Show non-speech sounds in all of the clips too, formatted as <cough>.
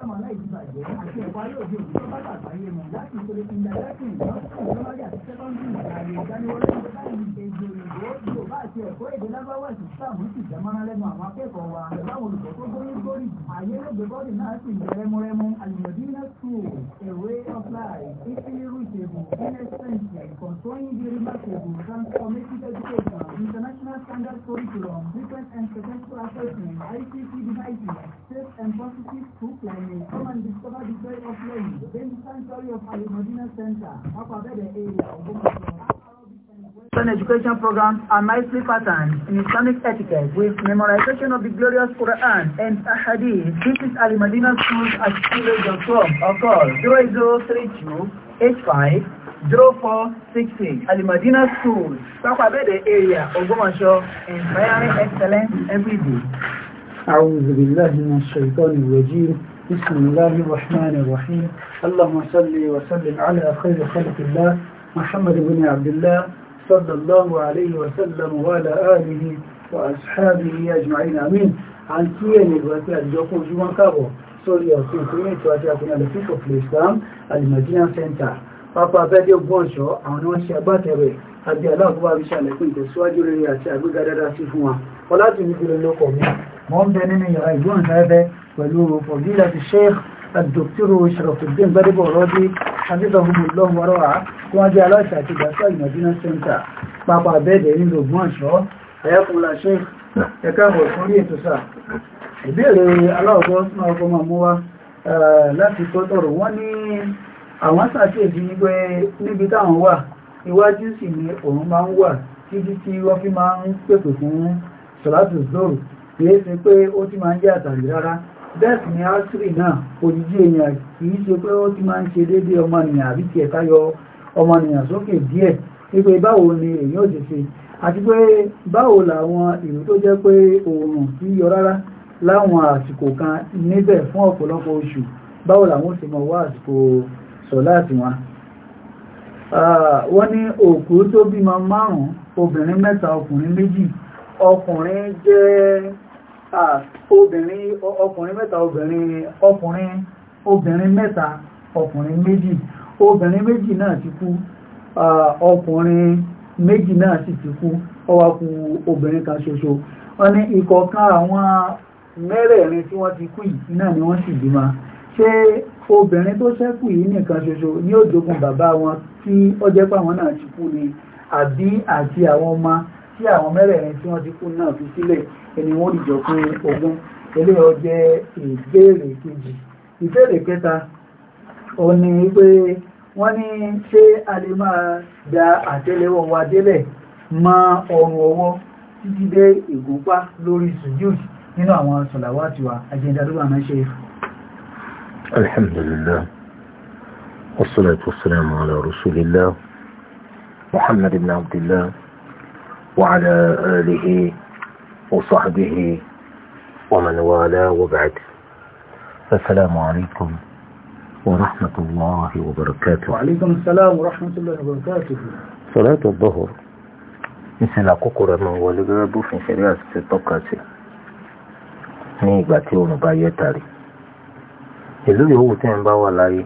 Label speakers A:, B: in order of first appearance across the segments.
A: táwọn aláìsíbàjẹ́ àti ẹ̀kọ́ ayé òde òde tó bá bàbá yé mọ̀ láti ìpele tí ń da láti ìjọba àti sẹ́kọ́ndì ààyè ìdániwọlé láì èdè òyìnbó yóò bá àti ẹ̀kọ́ èdè
B: lábáwá sí sáàmù sì jámọ́ra lẹ́nu àwọn akẹ́kọ̀ọ́ wa láwọn olùkọ́ tó gbóyè gbórí ààyè lẹ́gbẹ̀ bọ́ọ̀dì náà sì ń rẹ́múrẹ́mú alìmọ̀dínà school a way of life easily reachable inexpensive controlling the remarkable transformative education international standard curriculum frequent and successful assessment ICT devices safe and positive school planning come and discover the joy of learning. Then sanctuary of Al Center, Akwabede area of education programs are nicely patterned in Islamic etiquette with memorization of the glorious Quran and hadith. This is Ali Madina School, at schoolage.com or call 0032 85 0466 Ali Madina Schools, Sakwabede area, Ogbomoso, inspiring excellence every day. أعوذ بالله من الشيطان الرجيم بسم الله الرحمن الرحيم اللهم صل وسلم على خير خلق الله محمد بن عبد الله صلى الله عليه وسلم وعلى آله وأصحابه أجمعين آمين عن كيان الواتي الجوكو جوان كابو سوريا وكيكوين تواتي أكون على فيكو في الإسلام المدينة سنتر pápá abẹ́dẹ́ ògbọ́nṣọ́ àwọn wọ́n ṣe agbátẹ̀rẹ̀ àbí aláàbúwà bí ṣàlẹ̀kùn ìtẹ̀síwájú rere àti àgbéga dáadáa sí fún wa ọlá ti ní kí lóko mi pẹ̀lú fọ̀dílà ti sheikh الدكتور شرف الدين باربو رودي حفظهم الله ورعاه wọ́n jẹ́ aláṣẹ àti ìdásá ìmọ̀dínà sẹ́ńtà pápá bẹ́ẹ̀dẹ̀ nínú ogun ọ̀ṣọ́ ẹ̀yẹ́kùnlá ṣe ẹ̀ka ọ̀ṣọ́ ní ètò sáà ìbéèrè aláwọ̀gbọ́ sínú ọkọ̀ máa mú wá láti tọ́tọ̀rọ̀ wọ́n ní àwọn sàkíyèsí wípé níbi táwọn wà iwájú sì ni òun máa ń wà títí tí wọ́n fi máa ń pèpè fún sọ̀látù zoro kìí ṣe pé ó ti máa ń jẹ́ àtàrí rárá bẹ́ẹ̀ ni asiri náà òjijì èèyàn kì í ṣe pé ó ti máa ń ṣe déédé ọmọnìyàn àbí tiẹ̀ ká ọmọnìyàn sókè díẹ̀ wípé báwo ni èèyàn ò ti ṣe àti pé báwo làwọn ìlú tó jẹ́ pé oòrùn kì í yọ rárá láwọn àsìkò kan níbẹ̀ fún ọ̀pọ̀lọpọ̀ oṣù báwo làwọn ti mọ̀ wá àsìkò sọ̀láàtì wọn. wọ́n ní òkú tó bímọ márùn-ún obìnrin mẹ́ta ọkùnrin méjì ọkùnrin jẹ́ obìnrin ọkùnrin mẹ́ta obìnrin ọkùnrin obìnrin mẹ́ta ọkùnrin méjì obìnrin méjì náà ti kú ọkùnrin méjì náà sì ti kú ó wá kù obìnrin kan ṣoṣo wọ́n ní ìkọ̀ọ̀kan àwọn mẹ́rẹ̀ẹ̀rin tí wọ́n ti kú yìí náà ni wọ́n sì bímọ ṣé obìnrin tó ṣẹ́kù yìí nìkan ṣoṣo ni ó jogún bàbá wọn tí ó jẹ́ pàwọn náà ti kú ni àbí àti àwọn ọmọ tí àwọn mẹ́rẹ̀ẹ̀rin tí wọ́n ti kú náà fi sílẹ̀ ẹni wọ́n dìjọ fún ogún eléyọ̀ jẹ́ ìbéèrè kejì ìbéèrè kẹta òun ni pé wọ́n ní ṣé a lè máa da àtẹ́lẹwọ́ wa délẹ̀ mọ́ ọrùn ọwọ́ títí dé ìgúnpá lórí sùjúd nínú àwọn sọ̀làwátì wa àjẹ́ndà ló wà máa ṣe
C: alhamdulillah والصلاة والسلام على رسول الله محمد بن عبد الله وعلى آله وصحبه ومن والاه وبعد السلام عليكم ورحمة الله وبركاته وعليكم السلام ورحمة الله وبركاته صلاة الظهر ìsìn àkókò rẹ̀ máa wọlé gẹ́gẹ́ bófin ṣẹ̀ríà ti tọ́ka sí ní ìgbà tí òun bá yẹ tàrí ìlú yòówù tí ń bá wà láyé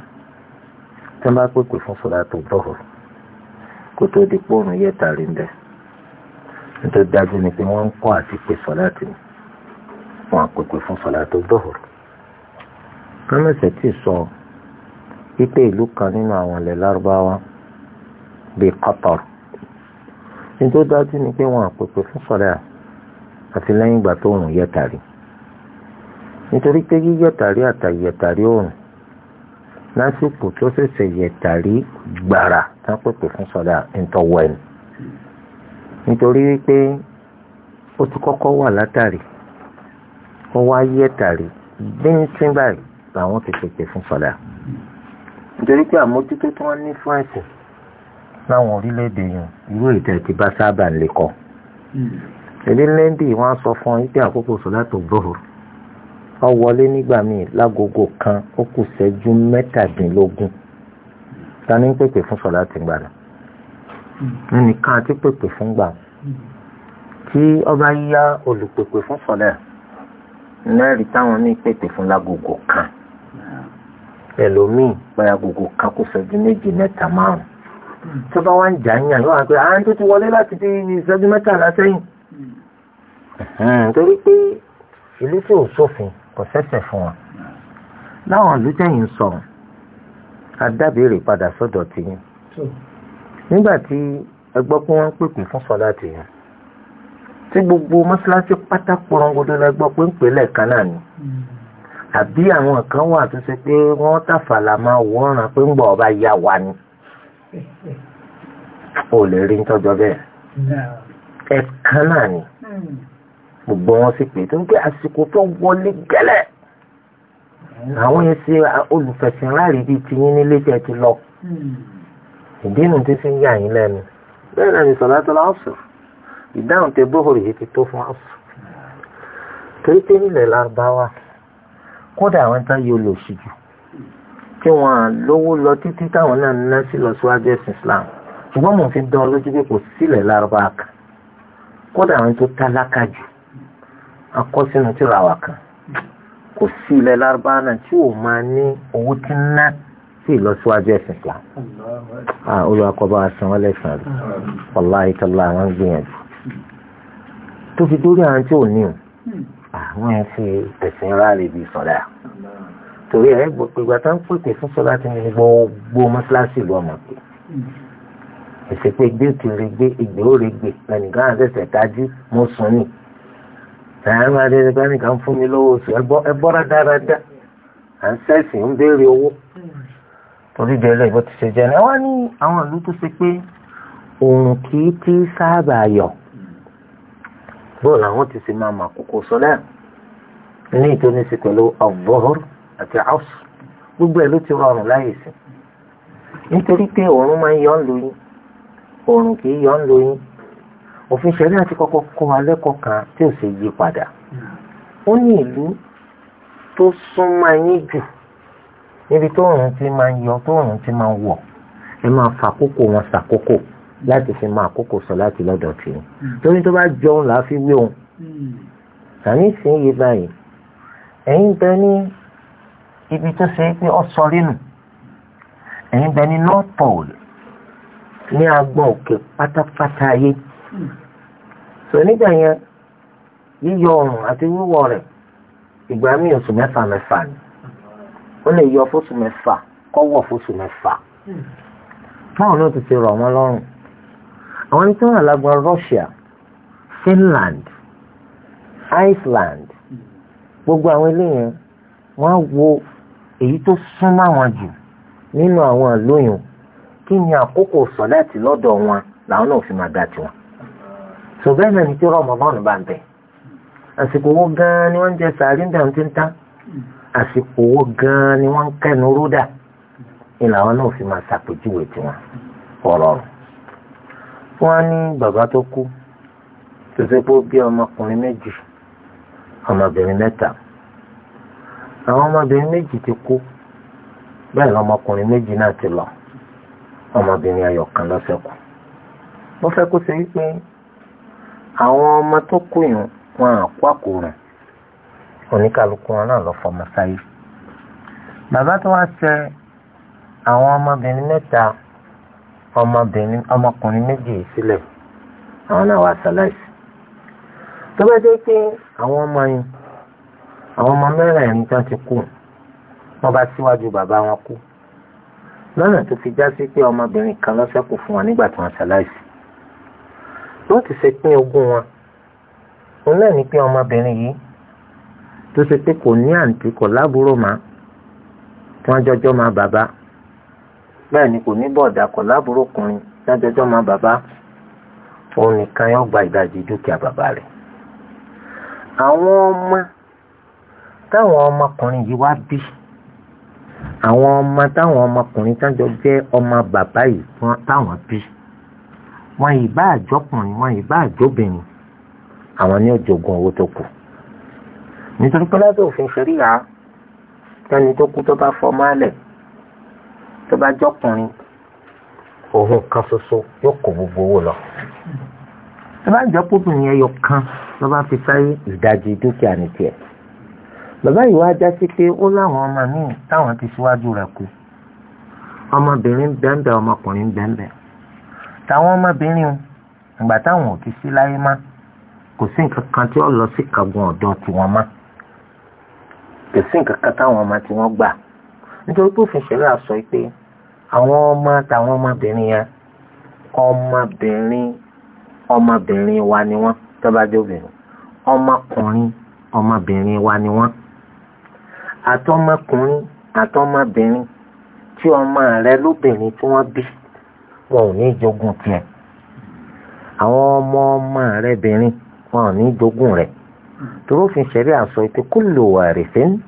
C: tí ń bá pèpè fún sọ̀rọ̀ àtò bọ́ọ̀ kó tó di pé òun yẹ tàrí ń bẹ́ẹ̀ tó dájú ni pé wọ́n ń kọ́ àti pè sọ́láàtì ni wọ́n àpèpè fún sọ́láàtì dọ́hùr. kámẹ́sẹ̀ tí sọ wípé ìlú kan nínú àwọn ilẹ̀ lárúbáwá bíi Qatar ní tó dájú ni pé wọ́n àpèpè fún sọ́láàtì àti lẹ́yìn ìgbà tó òòrùn yẹ nítorí pé yíyẹ tàrí àtàyẹ tàrí lásìkò tó ṣẹ̀ṣẹ̀ yẹ gbàrà tán pèpè fún sọ́dà ń tọ́wọ́ ẹni nítorí pé ó ti kọ́kọ́ wà látàrí wọ́n wá yẹ tàrí bíntín báyìí làwọn ti pèpè fún sọ̀dà nítorí pé àmójútó tí wọ́n ní fún ẹ̀sìn láwọn orílẹ̀-èdè yẹn irú ìtẹ̀ ti bá sábà ń lè kọ́ èdè lẹ́ndì wọ́n á sọ fún yín pé àkókò sọ̀dátò gbòòrò wọ́n wọlé nígbà míì lágogo kan ó kù ṣẹ́jú mẹ́tàdínlógún ta ní pèpè fún sọ̀dátì gbàdàn nìkan àti pèpè fún gbà tí ọba yíyá olùpèpè fún sọ̀lẹ̀ lẹ́rìí táwọn ní pèpè fún lágogo kan ẹlòmíì báyà gbogbo kan kó sọjú méjì mẹ́ta márùn tó bá wá ń jà ń yàn yóò wá pé àwọn tó ti wọlé láti fi ìṣẹ́jú mẹ́tàlá sẹ́yìn torí pé ìlú tí ò sófin kò sẹ́sẹ̀ fún wọn láwọn ìlú tẹ̀yìn sọ̀rọ̀ adábèrè padà sọ́dọ̀ tiyín nígbà tí ẹ gbọ́ pé wọ́n ń pèpè fún sọ́láàtì yẹn tí gbogbo mọ́ṣáláṣí pátá porongodo la gbọ́ pé ń pè lẹ́ẹ̀kan náà ni àbí àwọn kan wà tó ṣe pé wọ́n tàfàlà máa wọ́ràn pé ń gbọ́ ọba ya wa ni ò lè rí ń tọ́jọ́ bẹ́ẹ̀ ẹ̀ẹ̀kan náà ni gbogbo wọn sì pè tó ń pé àsìkò tó wọlé gẹ́lẹ́ àwọn yẹn ṣe olùfẹ̀sìnráàrí bíi tiyín nílé tẹ́ ti lọ ìdínú tí fi ń yà yín lẹ́nu bẹ́ẹ̀ náà ni sọ̀látọ̀ lọ́sùn ìdáhùn tẹ bóhùrù yìí ti tó fún ọ̀sùn torí pé nílẹ̀ lárúbáwá kódà àwọn tán yóò lò sí jù kí wọ́n lówó lọ títí táwọn náà ná sí lọ síwájú ẹ̀sìn Islam ṣùgbọ́n mo fi dán lójú pé kò sílẹ̀ lárúbáwá kan kódà àwọn tó tálákà jù akọ́sínú tìràwá kan kò sí ilẹ̀ lárúbáwá náà tí ò máa ní owó tí ń ná sí ìlọsíwájú ẹ̀sìn Islam ah, olùwàkọ́bá asan wọn lẹ́sàn rẹ̀ wàláhì tọ́lá àwọn gbìyànjú tó fi dórí àwọn tí ò ní o àwọn ah, ẹ̀ fi ẹ̀sìn ráàlì bíi sọ̀dá torí ẹ̀ ìgbà tá ń pèpè fún sọlá tí ní gbogbo mọ́ṣáláṣí ìlú ọmọ pé ẹ̀sẹ̀ pé gbé kiri gbé ìgbé ó rè gbé ẹnìkan àtẹ̀sẹ̀ tájú mo sùn ní ẹ̀rọ adẹ́sẹ̀ pé fún mi lọ́wọ́ oṣù ẹ̀bọ́ra torí bí ẹlẹ́yìn bó ti ṣe jẹ́ ni wọ́n ní àwọn ìlú tó ṣe pé òun kì í ti sábà yọ bóò làwọn ti ṣe máa mọ àkókò sọlẹ́ ní ìtòní sí pẹ̀lú ọ̀vọ́hùr àti ọ̀sù gbogbo ẹ̀ ló ti rọrùn láyè sí nítorí pé òun máa ń yọ ń lóyún òun kì í yọ ń lóyún òfin ṣẹlẹ̀ àti kọ́kọ́ kọ́ alẹ́kọ̀ọ́ kan tí ò sì yí padà ó ní ìlú tó súnmọ́ ẹ̀yìn jù níbi tóòrùn ti máa ń yọ tóòrùn ti máa ń wọ̀ ẹ máa fa àkókò wọn ṣàkókò láti fi máa àkókò sọ láti lọ́dọ̀ tì í hmm. torí tó bá jọun là á fi wé òun hmm. sàní ìsìn yìí báyìí ẹ̀yin bẹ ní ibi tó ṣe pé ọ sọ rínù ẹ̀yin bẹ ní north pole ní agbọ̀n òkè pátápátá ayé hmm. sọ nígbà yẹn yíyọ oòrùn àti wíwọ̀ rẹ̀ ìgbà míì oṣù mẹ́fà mẹ́fà ni ó lè yọ fóṣù mẹ́fà kọ́wọ̀ fóṣù mẹ́fà hmm. báwo ló ti ti rọ̀ wọ́n lọ́rùn àwọn tí wọ́n lágbọn Russia Finland Iceland gbogbo àwọn eléyẹn wọ́n wo èyí tó súnmọ́ àwọn jù nínú àwọn àlóyún kí ni àkókò sọ̀láàtì lọ́dọ̀ wọn làwọn náà fi máa ga tiwọn ṣùgbọ́n ẹ̀mí tí rọ̀ mọ́ bọ́ọ̀nù bá ń bẹ̀ àsìkò owó gan-an ni wọ́n ń jẹ sàárì ń ń tán. àsìkò owó gan-an ni wọ́n ń kẹ́nu rúdà ni làwọn náà fi máa ṣàpèjúwe tiwọn ọ̀rọ̀ wọn ní bàbá tó kú tó ṣe pé bí ọmọkùnrin méjì ọmọbìnrin mẹ́ta àwọn ọmọbìnrin méjì ti kú bẹ́ẹ̀ lọmọkùnrin méjì náà ti lọ ọmọbìnrin ayọ̀ kan ló ṣẹ́kù wọ́n fẹ́ kó ṣe wípé àwọn ọmọ tó kú yìí wọn àkó àkóràn oníkàlùkù wọn náà lọ fọmọ sáyé bàbá tó wá ṣe àwọn ọmọbìnrin mẹ́ta ọmọbìnrin ọmọkùnrin méjì sílẹ̀ àwọn náà wá ṣaláìsí tó bá jẹ́ pé àwọn ọmọ yìí àwọn ọmọ mẹ́rẹ̀ẹ̀rin tán ti kú wọ́n bá síwájú bàbá wọn kú lọ́nà tó fi já sí pé ọmọbìnrin kan ló ṣẹ́kù fún wọn nígbà tí wọ́n ṣaláìsí ló ti ṣe pín ogún wọn òun náà ní pé ọmọbìnrin yìí tó ṣe pé kò ní àǹtí kò lábúrò má tí wọ́n jọjọ́ máa bàbá bẹ́ẹ̀ ni kò ní bọ̀dà kò lábúrò kùnrin tí wọ́n jọjọ́ máa bàbá òun nìkan yóò gba ìdajì dúkìá bàbá rẹ̀ àwọn ọmọ táwọn ọmọkùnrin yìí wá bí àwọn ọmọ táwọn ọmọkùnrin tájọ jẹ́ ọmọ bàbá yìí táwọn bí wọn ìbá àjọkùnrin wọn ìbá àjọbìnrin àwọn ní ó jogún owó tó kù nítorí pé lábẹ́ òfin ṣẹ̀ríà ẹni tó kú tó bá fọmọ alẹ̀ tó bá jọkùnrin òun kan ṣoṣo yóò kó gbogbo owó lọ tó bá jọkùnrin ẹyọ kan ló bá fi sáyé ìdajì dúkìá ní tiẹ̀ bàbá yìí wá já sí pé ó láwọn ọmọ míì táwọn ti síwájú rẹ̀ kú ọmọbìnrin bẹ́ẹ̀nbẹ́ ọmọkùnrin bẹ́ẹ̀nbẹ́ táwọn ọmọbìnrin ìgbà táwọn ò ti sí láyé má kò sí nǹkan kan tí ó lọ sí kàgbọn ọ̀dọ̀ tiwọn má kò sí nǹkan kan táwọn ọmọ tí wọ́n gbà nítorí pé òfin ṣẹlẹ̀ àsọ pé àwọn ọmọ àtàwọn ọmọbìnrin yẹn ọmọbìnrin ọmọbìnrin wa ni wọ́n tó bá jẹ́ obìnrin ọmọkùnrin ọmọbìnrin wa ni wọ́n àtọmọkùnrin àtọmọbìnrin tí ọmọ rẹ lóbìnrin tí wọ́n bí wọn ò ní jogún tiẹ̀ àwọn ọmọ ọmọ rẹ bìnrin wọn ò ní jogún rẹ̀ tòró fi ṣẹ̀rí àṣọ ìpè kullu warithin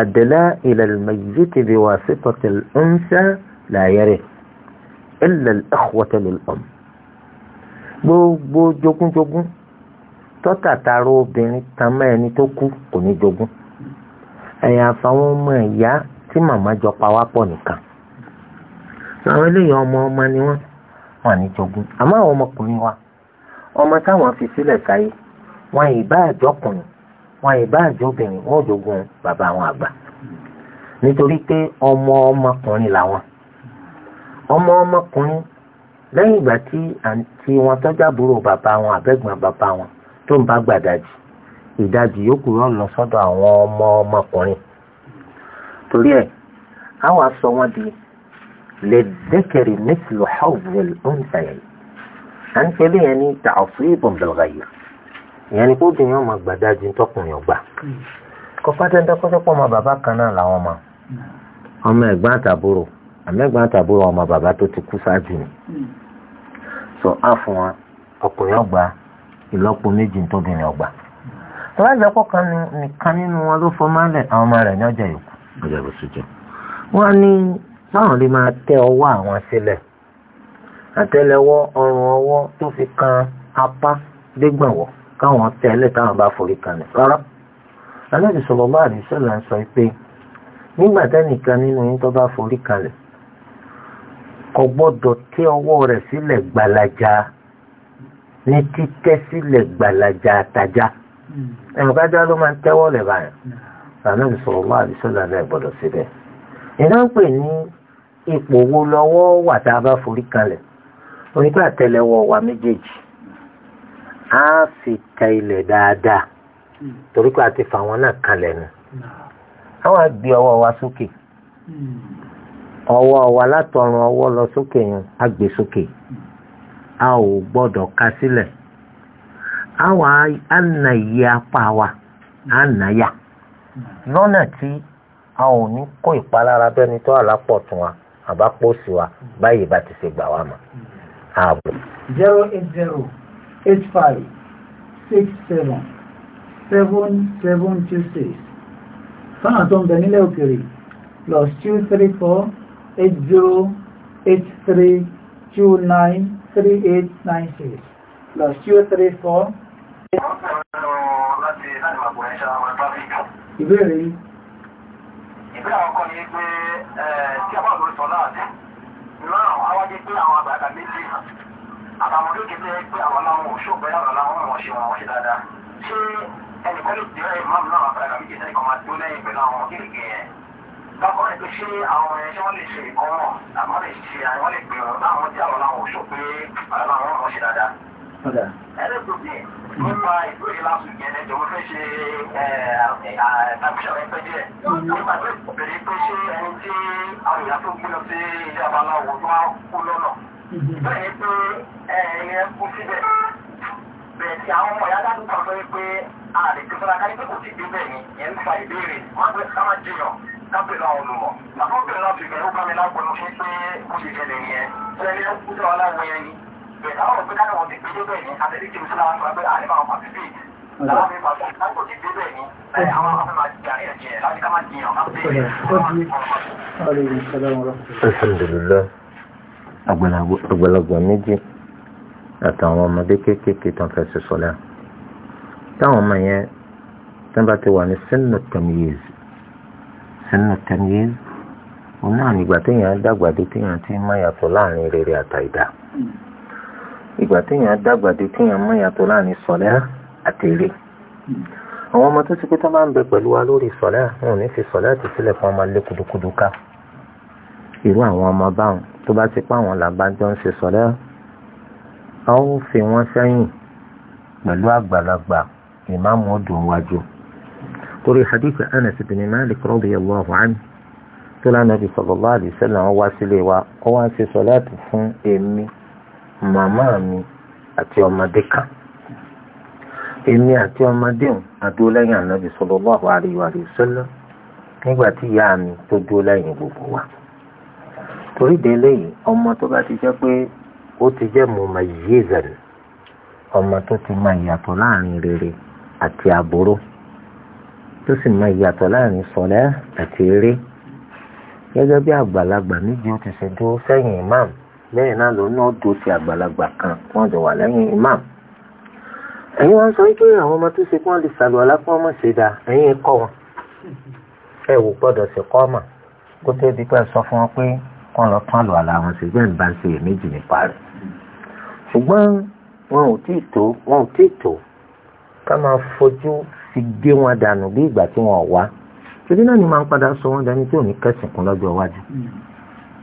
C: adla ila al-mayyit bi wasitati al-unsa la yarith illa al-ikhwata lil-um gbogbo jogúnjogún tọ́tàtàrà obìnrin kan mọ́ ẹni tó kú kò ní jogún ẹ̀yà àfàwọn ọmọ ìyá tí màmá jọ pa wá pọ̀ nìkan àwọn eléyìí ọmọ ọmọ ni wọ́n wà ní jogún àmọ́ àwọn ọmọkùnrin wa ọmọ táwọn fi sílẹ̀ sáyé wọn ìbá àjọkùnrin wọn ìbá àjọbìnrin wọn ò jogun bàbá àwọn àgbà nítorí pé ọmọ ọmọkùnrin làwọn ọmọ ọmọkùnrin lẹ́yìn ìgbà tí àǹtí wọn tọ́jà búrò bàbá wọn àbẹ́gbọ̀n bàbá wọn tó ń bá gbàdájì ìdajì yòókù yóò lọ sọ́dọ̀ àwọn ọmọ ọmọkùnrin torí ẹ̀ á wàá sọ wọ́n di lẹ́dẹ́kẹ̀rì mẹ́tìlú hàwùwẹ̀lì ọ̀nfẹ̀yẹ̀ à ń pẹ́lẹ́ yẹn ní tààfù ìbọ̀n bẹ̀rẹ̀ yìí ìyẹn ni pé obìnrin ọmọ gbàdájú tọkùnrin ọgbà kọfà tẹ́ńtẹ́ kọ́sọ́pọ̀ ọmọ bàbá kan náà làwọn ọmọ ọmọ ẹ̀gbọ́n àtàbúrò àmẹ́gbọ́n àtàbúrò ọmọ bàbá tó ti kú ṣáájú ni so á fún wọn ọkùnrin ọgbà ìlọ́po méjì tóbìnrin ọgbà alájọpọ̀ kan nìkan nínú wọn ló fọ mọ́lẹ̀ àwọn ọmọ rẹ̀ ní ọjà yòókù ọjà bó ṣe jẹ wọ́n ní báwọn lè máa tẹ ọwọ́ àwọn sílẹ̀ àtẹ́lẹwọ́ ọrùn ọwọ́ tó fi kan apá dégbọ̀nwọ́ káwọn tẹ́lẹ̀ táwọn bá forí kalẹ̀ rárá Ànábì sallallahu alaihi wasallam sọ pé nígbà tẹ́nìkan nínú yín tó bá forí kalẹ̀ kò gbọ́dọ̀ tẹ́ ọwọ́ rẹ̀ sílẹ̀ gbalaja ní títẹ́ sílẹ̀ gbalaja àtajà hmm. ẹ̀rọ kájá ló máa ń tẹ́wọ́ lẹ̀ báyìí hmm. Ànábì sallallahu alaihi wasallam rẹ̀ gbọ́dọ̀ síbẹ̀ ìná ń pè ní ipò wo lọ́wọ́ wà tá a bá forí kalẹ̀ onígbà tẹ́lẹ̀wọ́ wa méjèèjì a fi ka ilẹ̀ dáadáa hmm. torí pé a ti fa wọn náà kalẹ̀ nù àwọn àgbé ọwọ́ wa sókè hmm. ọwọ́ wa látọrùn ọwọ́ lọ sókè yẹn á gbé sókè a ò gbọ́dọ̀ ka sílẹ̀ àwọn ànàyè apá wa ànàyà hmm. lọ́nà tí a ò ní kó ìpalára bẹ́ni tó àlápọ̀ tún wa àbápọ̀ sí wa báyìí bá ti ṣe gbà wá mọ́ ààbò. zero eight zero. eight five six seven
B: seven seven two six fáwọn tó ń bẹ nílẹ̀ òkèrè plus two three four eight zero eight three two nine three eight nine six plus two three four.
A: ìbéèrè yìí. ìbéèrè àwọn kan ní pé
D: tí a bá lórí sọ náà dé náà àwọn ajé pé àwọn àgbàgbà méjì hàn àtàwọn olóògbé tó yẹ pé àwọn aláwọ̀ òṣòbọ̀ yà wọ́n láwọn wọ́n ṣe wọ́n wọ́n ṣe dáadáa ṣé ẹnìkan lè jẹ́ ìmáàmù náà àbúrò àgbà méjì sẹ́nìkan máa tó lẹ́yìn pẹ̀lú àwọn kéèké yẹn bákan náà pé ṣé àwọn ẹ̀ṣẹ́ wọ́n lè ṣe ìkọ́ wọn àmọ́ lè ṣe àwọn lè pè wọn láwọn tí àwọn aláwọ̀ òṣò pé aláwọ̀ wọ́n ṣe dáadáa. ẹlẹ́gbẹ̀ẹ́ nípa
A: ìgbéyìí láti yẹn ẹjọ́ mo fẹ́ ṣe àtàkùsọ̀rọ̀ ẹgbẹ́ díẹ̀ nípa pé
D: bèrè pé ṣé ẹni tí àwọn ìyá tó gbé lọ sí ilé abaláwo tó wá kú lọ́nà bẹ́ẹ̀ àwọn ọmọ ìyá dájú kan lórí pé ààrẹ tó fọ́nà káyé pé kò sí gbígbẹ̀ ni yẹn ń fa ìbéèrè wọ́n pẹ́ ká máa jiyàn kápẹ́ náà olùmọ̀ àmọ́ obìnrin náà fi bẹ̀rù ká mi lágbọ̀nù fún pé kò sì jẹ́ lẹ́yìn ẹ̀ sẹ́ni ó kú sọ́ọ́ láwọn yẹn ni bẹ̀ẹ̀ táwọn òpin dáná wọn ti gbé débẹ̀ ni àtẹ̀lé kí n sí láwọn sọ pé àlẹ́ máa pàṣẹ bí
A: láwọn mi pàṣẹ láti kò sí
D: gbígbẹ̀ ni àwọn afẹ́ máa jà ẹ̀
A: láti ká máa jiyàn kápẹ́
C: àgbàlagbà méjì àtàwọn ọmọdé kéékèèké tó ń fẹsẹ̀ sọ̀lá táwọn ọmọ yẹn tó ń bá ti wà ní sínú tẹ̀míyèz sínú tẹ̀míyèz òun náà nígbà téèyàn dàgbà dé téèyàn ti máa yàtọ̀ láàrin rere àtàìdá ìgbà téèyàn dàgbà dé téèyàn máa yàtọ̀ láàrin sọ̀lá àtèrè àwọn ọmọ tó ti pé tó máa ń bẹ pẹ̀lú wa lórí sọ̀lá wọn ò ní fi sọ̀lá ti sílẹ̀ fún ọmọ lé kudukudu ká irú àwọn ọmọ báwọn tó bá ti páwọn làbájọ ń ṣe sọ̀rẹ́ a ó fi wọ́n sẹ́yìn pẹ̀lú àgbàlagbà ìmáàmù ọdún wájú torí hadith anas bin malik radiyallahu anhu tó lánàá bí sallallahu alaihi wasallam wá sílé wa ó wá ṣe sọ̀láàtì fún èmi màmá mi àti ọmọdé kan èmi àti ọmọdé òun adúró lẹ́yìn ànábì sallallahu alaihi nígbà tí ìyá mi tó dúró lẹ́yìn gbogbo wa torí délé yìí ọmọ tó bá ti jẹ́ pé ó ti jẹ́ mọ̀ mà yézẹ̀n ọmọ tó ti máa yàtọ̀ láàrin rere àti àbúrò tó sì máa yàtọ̀ láàrin sọ̀lẹ́ àti eré gẹ́gẹ́ bí àgbàlagbà méjì ó ti ṣe dúró sẹ́yìn imam lẹ́yìn náà ló náà dúró ti àgbàlagbà kan wọ́n jọ wà lẹ́yìn imam ẹ̀yin wọ́n sọ pé àwọn ọmọ tó ṣe kí wọ́n lè ṣàlùwàlá kí wọ́n ṣe dáa ẹ̀yin kọ́ wọn ẹ wò gbọ́dọ̀ ṣe kọ́ ọmọ kó tó di pé sọ fún wọn pé kọ́ lọ tán lọ àlà wọn ṣùgbọ́n ìbá ń ṣe èméjì nípa rẹ̀ ṣùgbọ́n wọn ò tí ì tó wọn ò tí ì tó ká máa fojú fi gé wọn dànù bí ìgbà tí wọn wá torí náà ni máa ń padà sọ wọn dání tí ò ní kẹsìn kún lọ́jọ́ iwájú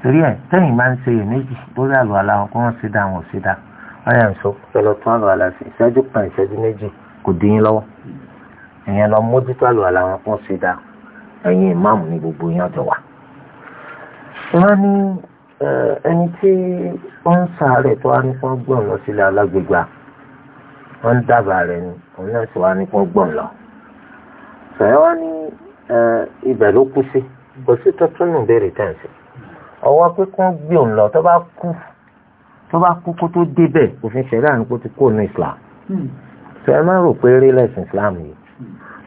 C: torí ẹ̀ tẹ́yìn máa ń ṣe èméjì lórí àlọ àlà wọn kó wọn ṣe dá wọn ò ṣe dá wọn yà ń sọ lọlọ tán àlọ àlà sí ìṣẹ́jú kan ìṣẹ́jú méjì kò dín yín lọ́wọ́ ìyẹn lọ mójútó àlọ àlà wọn kó wọn ṣe dá ẹ̀yin ìmáàmù ni gbogbo yín ọjọ́ wa wọ́n ní ẹni tí ó ń sàárẹ̀ tó wá ní kó gbọ̀n lọ sílé alágbègbà wọ́n ń dábàá rẹ̀ ni òun náà sì wá ní kó gbọ̀n lọ. sọ̀rọ̀ wọ́n ní ibẹ̀ ló kú sí kò sí tuntun nù béèrè tẹ̀sí ọwọ́ pé kó gbé òun lọ tó bá kú tó bá kú kó tó débẹ̀ òfin ṣẹlẹ̀ àná kó ti kó nu Islam sọ ẹ má rò pé rí lẹ́sìn Islam yìí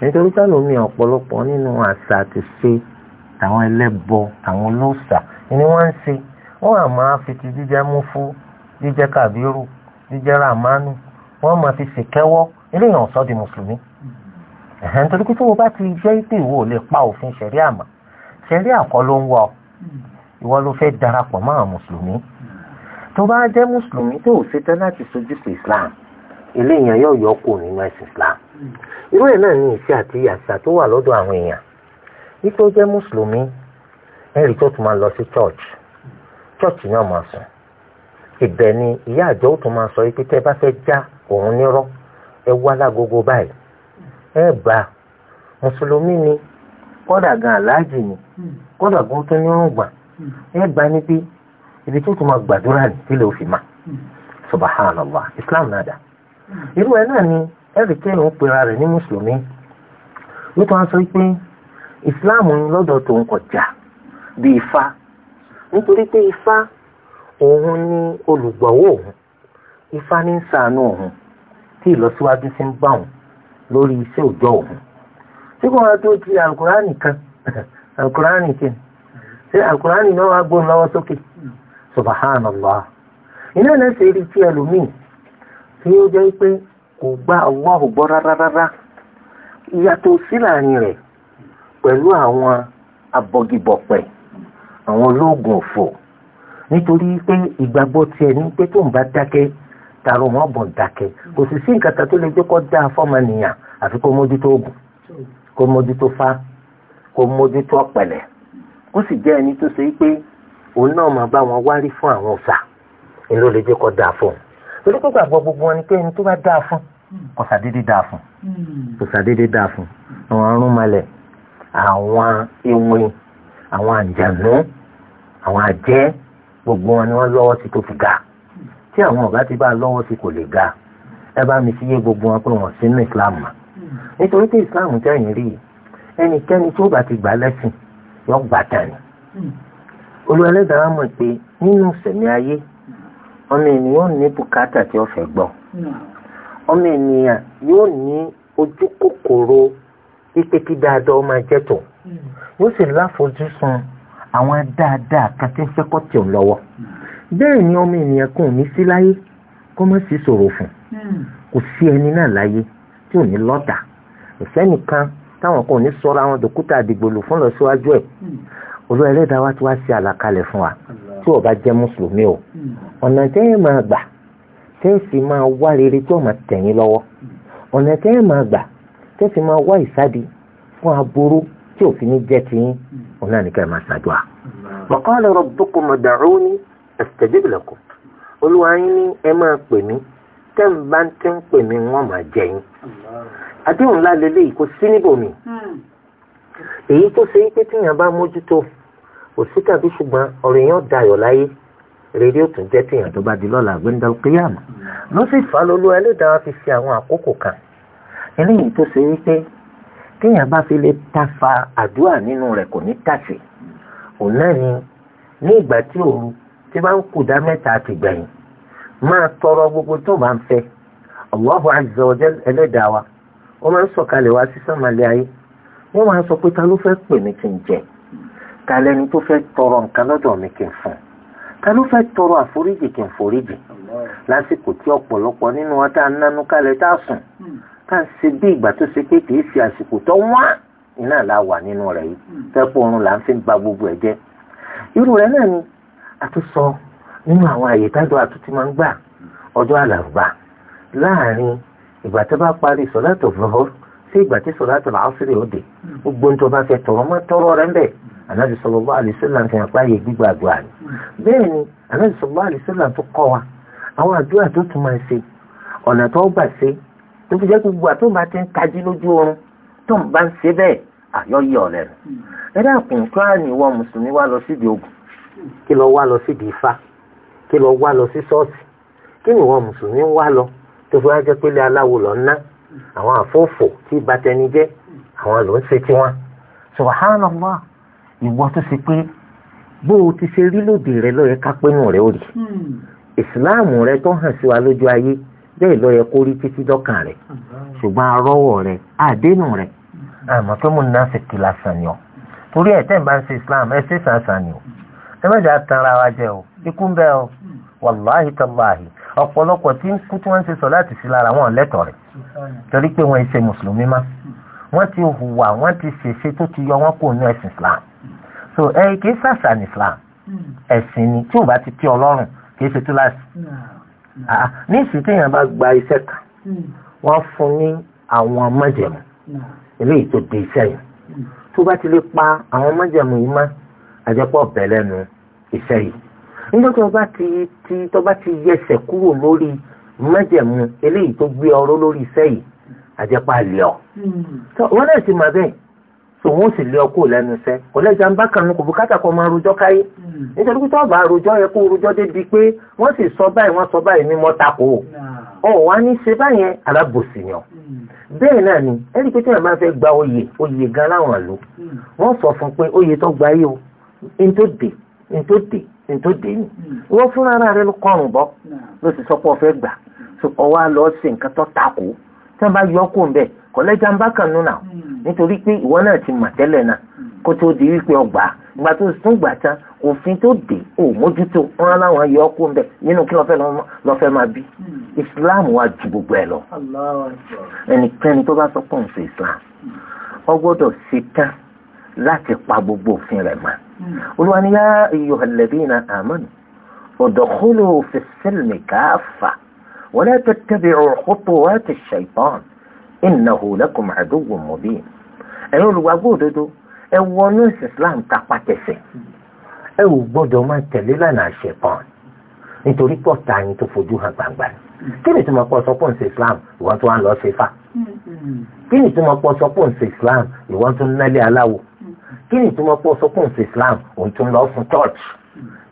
C: nítorí sálòmí ọ̀pọ̀lọpọ̀ nínú àṣà àti ṣe àwọn ẹlẹ́bọ àwọn olóòṣà ni wọ́n ń ṣe wọ́n á máa fi ti jíjẹ́ mufu jíjẹ́ kàbírù jíjẹ́ ramanu wọ́n máa fi ṣèkẹ́wọ́ eléyìí ọ̀sọ́ di mùsùlùmí ẹ̀hẹ́n torí pé tí wọ́n bá ti jẹ́ ìpè ìwò lè pa òfin ṣẹ̀rí àmà ṣẹ̀rí àkọ́ ló ń wọ̀ ìwọ ló fẹ́ darapọ̀ mọ́ àwọn mùsùlùmí tó bá jẹ́ mùsùlùmí tó ò ṣetán láti sojú sí islam eléyàn yóò yọ kù nínú ẹ̀sìn islam irú ẹ̀ náà ní ìṣe àti àṣà tó wà lọ́dọ̀ àwọn èèyàn wípé ó jẹ́ mùsùlùmí ẹ̀rí tó tún máa lọ sí church church ni ọmọ sùn ibẹ̀ ni ìyá àjọ ó tún máa sọ pé tẹ́ bá fẹ́ já òun nírọ́ ẹ wá lágogo báyìí ẹ bá mùsùlùmí ni kódà gan aláàjì ni kódà gan tó nírùngbà ẹ bá ní ibi tó tún máa gbàdúrà ní tí lè fi mà subhanallah islam náà dà irú ẹ náà ni ẹ̀rí kẹ́hìn ó pera rẹ̀ ní mùsùlùmí nítorí wọn sọ pé islam lọ́dọ̀ tó ń kọjá bí ifá nítorí pé ifá òun ní olùgbọ̀wọ́ òun ifá ní ń sàánú òun tí ìlọsíwájú ti ń bá òun lórí iṣẹ́ òjọ́ òun tí kò wá tó ti alukurani kan <laughs> alukurani kan ṣé alukurani náà wá gbóhùn lọ́wọ́ sókè subhanallah iná náà ṣe rí tí ẹlòmíì tí ó jẹ́ pé kò gba Allahu gbọ́ rárá ìyàtọ̀ sí láàrin rẹ̀ pẹ̀lú àwọn abọgibọ̀pẹ̀ àwọn olóògùn òfò nítorí pé ìgbàgbọ́ tiẹ̀ ní pé tó ń bá dákẹ́ tààrọ̀ wọn bọ̀ dákẹ́ kò sì sí nǹkan tó lè jẹ́ kó dáa fọ́mọnìyàn àfi kó mójútó ògùn kó mójútó fá kó mójútó ọ̀pẹ̀lẹ̀ kó sì jẹ́ ẹni tó ṣe pé òun náà máa bá wọn wárí fún àwọn ọ̀sà èló lè jẹ́ kó dáa fún un torí pé gbàgbọ́ gbogbo wọn ni pé ẹni tó bá dáa fún kò sàdédé dáa fún kò sàdédé dáa fún àwọn arúnmalẹ̀ àwọn ewé àwọn àǹjànú àwọn àjẹ́ gbogbo wọn ni wọ́n lọ́wọ́ sí tó fi ga tí àwọn ọ̀gá ti bá lọ́wọ́ sí kò lè ga ẹ bá mi síyé gbogbo wọn pé wọ́n sínú islam mà nítorí pé islam tẹ̀yìn rí ẹnikẹ́ni tó bá ti gbà lẹ́sìn yọ gbà tani olùwẹ̀lẹ́dàá mọ̀ pé nínú sẹ̀mí ayé ọmọ ènìyàn ní bùkátà tí ó fẹ́ gbọ́ ọmọ ènìyàn yóò ní ojú kòkòrò pípé kí dáadáa ó máa tó yóò sì láfojúsùn àwọn dáadáa kan tí ń fẹ́ kọ́ tẹ̀ ń lọ́wọ́ bẹ́ẹ̀ ni ọmọ ènìyàn kan ò ní sí láyé kó má sí ṣòro fún hmm. kò sí ẹni náà láyé tí ò ní lọ́tà ìfẹ́nìkan táwọn kan ò ní sọ́ra àwọn dòkútà àdìgbòlù fún lọ́síwájú ẹ̀ hmm. olú ẹlẹ́dàá wa ti wá sí àlàkalẹ̀ fún wa tí ó jẹ́ mùsùlùmí o hmm. ọ̀nà tẹ́yìn máa gbà tẹ́sí máa wá rere tí ó tẹ̀yìn lọ́wọ́ ọ̀nà tẹ́yìn máa gbà tẹ́sí máa wá ìsádi fún aburú tí òfin jẹ́ tiyín òun náà ní ká ẹ máa ṣàdúrà. wa qala rabbukum ud'uni astajib lakum olúwa yín ní ẹ máa pè mí tẹ́ ń bá ń tẹ́ ń pè mí wọ́n máa jẹ yín. àdéhùn ńlá lélẹ́yìí kò sí níbòmí. Hmm. èyí tó ṣe pé tíyàn bá mójútó kò tàbí ṣùgbọ́n ọ̀rọ̀ èèyàn dayọ̀ láyé rere tún jẹ́ tíyàn tó bá di lọ́la gbẹ́ndà kíyàmù hmm. ló sì ẹlẹ́dàá fi ṣe àwọn àkókò kan eléyìí tó ṣe wípé téèyàn bá fi lè tafa àdúrà nínú rẹ̀ kò ní tàṣe òun náà ni ní ìgbà tí òru tí bá ń kù dá mẹ́ta àti gbẹ̀yìn máa tọrọ gbogbo tó bá ń fẹ́ Allahu azza wa jal ẹlẹ́dàá wa ó máa ń sọ̀kalẹ̀ wá sí sánmàlẹ́ ayé wọ́n máa sọ pé ta ló fẹ́ pè mí kí n jẹ ta lẹni tó fẹ́ tọrọ nǹkan lọ́dọ̀ mi kí n fún ta ló fẹ́ tọrọ àforíjì kí n foríjì lásìkò tí ọ̀pọ̀lọpọ̀ nínú wa tá a nánú kalẹ̀ tá a sùn hmm ká ṣe bí ìgbà tó ṣe pé kìí ṣe àsìkò tó wá iná la wà nínú rẹ̀ yìí hmm. fẹ́pọ̀ oorun là ń fi ba gbogbo ẹ̀ jẹ́ irú rẹ̀ náà ni a tún sọ nínú àwọn àyè tájọ àtúntì máa ń gbà ọjọ́ àlàrúbà láàrin ìgbà tó bá parí sọ̀látò fọ́fọ́ sí ìgbà tí sọ̀látò làásìrì òde hmm. gbogbo ń tó bá fẹ́ tọ̀rọ̀ mọ́ tọ́rọ̀ rẹ̀ ń bẹ̀ ànábì sallallahu alaihi wasallam fi hàn páyé gbígbà àdúrà ni hmm. bẹ́ẹ̀ ni ànábì sallallahu alaihi wasallam tó kọ́ wa àwọn àdúrà tó tún máa ń ṣe ọ̀nà tó gbà ṣe tó fi jẹ́ pé gbogbo àtó máa ti ń tají lójú oorun tó ń bá ń ṣe bẹ́ẹ̀ àyọ yí ọ̀rẹ́
A: rẹ̀
C: ẹ dákun kí wàá ní ìwọ mùsùlùmí wá lọ síbi ògùn kí lọ wá lọ síbi ifá kí lọ wá lọ sí ṣọ́ọ̀ṣì kí ni ìwọ mùsùlùmí wá lọ tó fi wá jẹ́ pé ilé aláwo lọ ná àwọn àfófò tí ìbátẹni jẹ́ àwọn ló ń ṣe tiwọn subhanallah ìwọ tó ṣe pé bó o ti ṣe rí lòdì rẹ ló yẹ ká pé hmm. ìsìláàmù rẹ tó hàn sí wa lójú ayé bẹ́ẹ̀ lọ yẹ kó rí títí dọ́kàn rẹ̀ hmm. ṣùgbọ́n arọ́wọ̀ rẹ̀ àdénù rẹ̀ àmọ́ tó mú náà ṣètì lásán ni ọ torí ẹ̀ tẹ́ǹbà ń ṣe Islam ẹ ṣe sàǹsàn ni o ẹ mẹ́jọ atanra wa jẹ o ikú ń bẹ o wàláhì tàláhì ọ̀pọ̀lọpọ̀ tí ń kú tí wọ́n ń ṣe sọ láti sí lára wọn lẹ́tọ̀ọ́ rẹ̀ torí pé wọ́n ṣe mùsùlùmí má wọ́n ti hùwà wọ́n ti ṣèṣe tó ti yọ wọ́n kò ní ẹ̀sìn Islam so ẹ kì í sàṣà ní Islam hmm. ẹ̀sìn ni tí ò bá ti kí Ọlọ́run kì í ṣe túláàsì hmm. Ah, ah. ní ìsìn téèyàn bá gba iṣẹ́ kan hmm. wọ́n fún ní àwọn májẹ̀mú hmm. eléyìí tó de iṣẹ́ yẹn hmm. tó bá ti lè pa àwọn májẹ̀mú yìí mọ́ àjẹpọ̀ bẹ̀ lẹ́nu iṣẹ́ yìí nígbà tó bá ti ti tó bá ti yẹsẹ̀ kúrò lórí májẹ̀mú eléyìí tó gbé ọ̀rọ̀ lórí iṣẹ́ yìí àjẹpọ̀ àlẹ́ ọ̀ wọ́n náà ti mọ̀ bẹ́ẹ̀ so wọn ò sì lé ọkọ lẹ́nu iṣẹ́ ọlẹjà ń bá kanu kò bùkátà kọ máa rojọ́ káyé hmm. nítorí pé tọ́ọ̀bù àròjọ yẹ kó rojọ́ débi pé wọ́n sì sọ báyìí wọ́n sọ báyìí ní mọ́tàkó ọ wá ní ṣe báyẹn alábòsí yàn hmm. bẹ́ẹ̀ náà ni ẹni pé tí wọ́n bá fẹ́ gba oyè oyè gan láwọn àlọ́ hmm. wọ́n sọ fún pé oyè tó gba yìí o n tó dé ni wọ́n fúnra rẹ ló kọrùn bọ́ ló sì sọ pé ọ fẹ́ gbà ọwọ́ kọ̀lẹ́jà ń bá kànú náà hmm. nítorí pé ìwọ náà ti mà tẹ́lẹ̀ náà hmm. kó tó di wípé ọgbà ìgbà tó sún gbà tán òfin tó dé ò mójútó wọn láwọn yọ ọkú ń bẹ nínú kí lọ́fẹ́ lọ́fẹ́ máa bí hmm. Islam wa ju gbogbo ẹ lọ ẹnikẹ́ni tó bá sọ pé òun ṣe Islam ó gbọ́dọ̀ ṣe tán láti pa gbogbo òfin rẹ̀ mọ́ Olúwa ní yá ayyuhal ladhina amanu udkhulu fi silmi kaffa wa la tattabi'u khutuwati shaytan innahu lakum aduwwun mubin ẹ̀yin olùgbàgbọ́ òdodo ẹ wọnú ìsìn islam kápá tẹ̀sẹ̀ ẹ ò gbọ́dọ̀ máa tẹ̀lé lánàá àṣẹpọ̀n nítorí pọ̀ ta ni tó fojú hàn gbangba kí ni tó máa pọ̀ sọ pé ń ṣe islam ìwọ́n tó wá lọ ṣe fà kí ni tó máa pọ̀ sọ pé ń ṣe islam ìwọ́n tó nálé aláwo kí ni tó máa pọ̀ sọ pé ń ṣe islam òun tó ń lọ fún church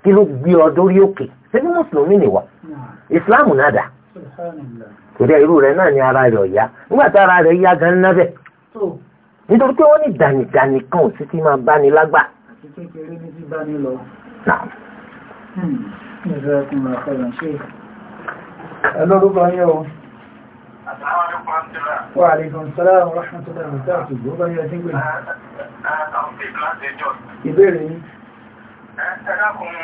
C: kí ló gbé ọ dórí òkè ṣé bí mùsùlùmí nìwọ islam náà torí irú rẹ̀ náà ni ara rẹ̀ ọ̀yá nígbà tí ara rẹ̀ yá gan náà bẹ̀ nítorí pé wọ́n ní dànìdànì kan ò sí ti máa bá ni lágbà. àti
B: kékeré ní ti bá ni lọ. ẹ lórúkọ yẹ o. Wàhálẹ́kùn sálàmù rahmatullahi wa ta'atu ló bá yẹ dígbè. Ìbéèrè yìí.
D: Ẹ dákun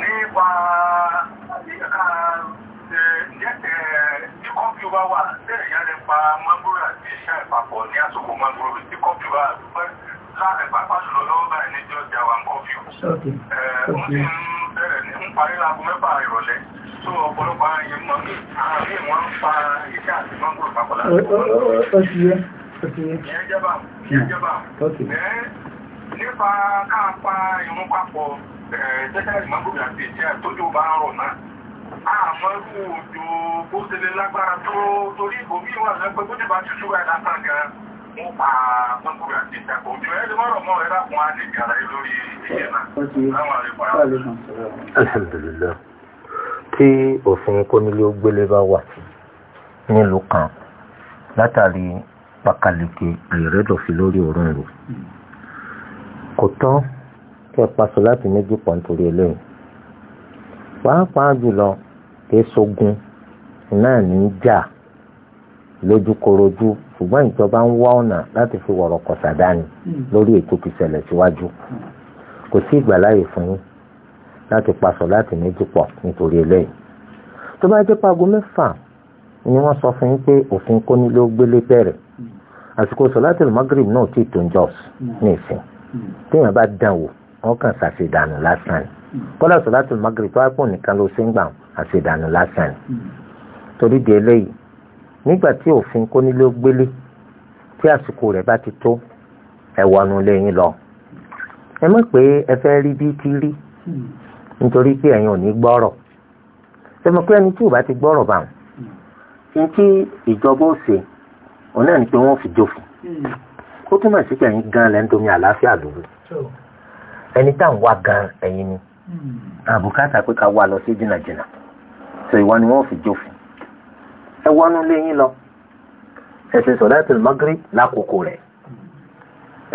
D: nípa tí kọ́mpútà bá wà bẹ́ẹ̀ yá lè pa mángòrò àti iṣẹ́ ìpapọ̀ ní àsìkò mángòrò tí kọ́mpútà bá pẹ́
A: láàrin pàpá jùlọ lọ́wọ́ báyìí ní jọ jà wà ń kọ́fí o. mo ti ń bẹ̀rẹ̀ ní ń parí láago mẹ́fà ìrọ̀lẹ́ tó ọ̀pọ̀lọpọ̀ ààyè mọ́ ní àárín ìwọ̀n ń pa iṣẹ́ àti mángòrò papọ̀ láàrin. ó ti yẹ ó ti yẹ. ìyẹn jẹba ìyẹn jẹba. nípa káàpá
D: ìrún papọ̀ jẹ́jẹ́ ìmọ̀gbọ̀n àti ìṣẹ́ àtọ́jú bá ń rọ̀ náà àmọ́ kò jò bó ṣe lè lágbára tó torí ìbò mí wà lẹ́pẹ́ bó dìbà tí ṣúgbà ìdáta gan mú pa mọ́kùnrin àti ìtàkùn òjò ẹni mọ́rọ̀ mọ́ ẹ̀rá fún àdìgbì
B: àlàyé lórí
A: ìyẹn náà
C: alhamdulillah tí òfin kónílé ó gbélé bá wà nílùú kan látàrí pàkàlẹ̀kẹ̀ àìrẹ́dọ̀fí lórí òórùn rò kò tán kẹ́ pa sọ láti méjì pọ̀ nítorí eléyìí pàápàá jùlọ kìí sogun náà ní jà lójúkorojú ṣùgbọ́n ìjọba ń wá ọ̀nà láti fi wọ̀rọ̀ kọ̀sà dání hmm. lórí ètò ìṣẹ̀lẹ̀ síwájú hmm. kò sí ìgbàláyè fún yín láti paṣọ láti méjì pọ̀ nítorí eléyìí tó bá jẹ́ pago mẹ́fà ni wọ́n sọ fún yín pé òfin kónílé ó gbélé bẹ̀rẹ̀ hmm. àsìkò sọ̀láàtì magrib náà tí tó ń jọ́s ní ìsìn téèyàn bá dàn wò wọ́n kàn ṣàṣedànù lásán ni kọ́lá sọ̀láàtì magrib pápọ̀ nìkan ló ṣe ń gbà àti ìdànù lásán torí di eléyìí nígbà tí òfin kónílé ó gbélé tí àsìkò rẹ̀ bá ti tó ẹ wọnú lẹ́yìn lọ ẹ mọ̀ pé ẹ fẹ́ rí bí ti rí nítorí pé ẹ̀yin ò ní gbọ́rọ̀ ṣe mọ̀ pé ẹni tí ò bá ti gbọ́rọ̀ bá wọn ní tí ìjọba ó ṣe òun náà ni pé wọ́n fi jófin ó túmọ̀ sí pé ẹ̀yin gan lẹ́ńtọ́mi àlàáfíà lòwe ẹni tá wá gan ẹ̀yin ni àbùkátà pé ká wà lọ sí jìnnàjìnnà sọ ìwọ ni wọn ò fi jófin ẹ wọnú léyìn lọ ẹ ṣe magre Maghrib lákòókò rẹ̀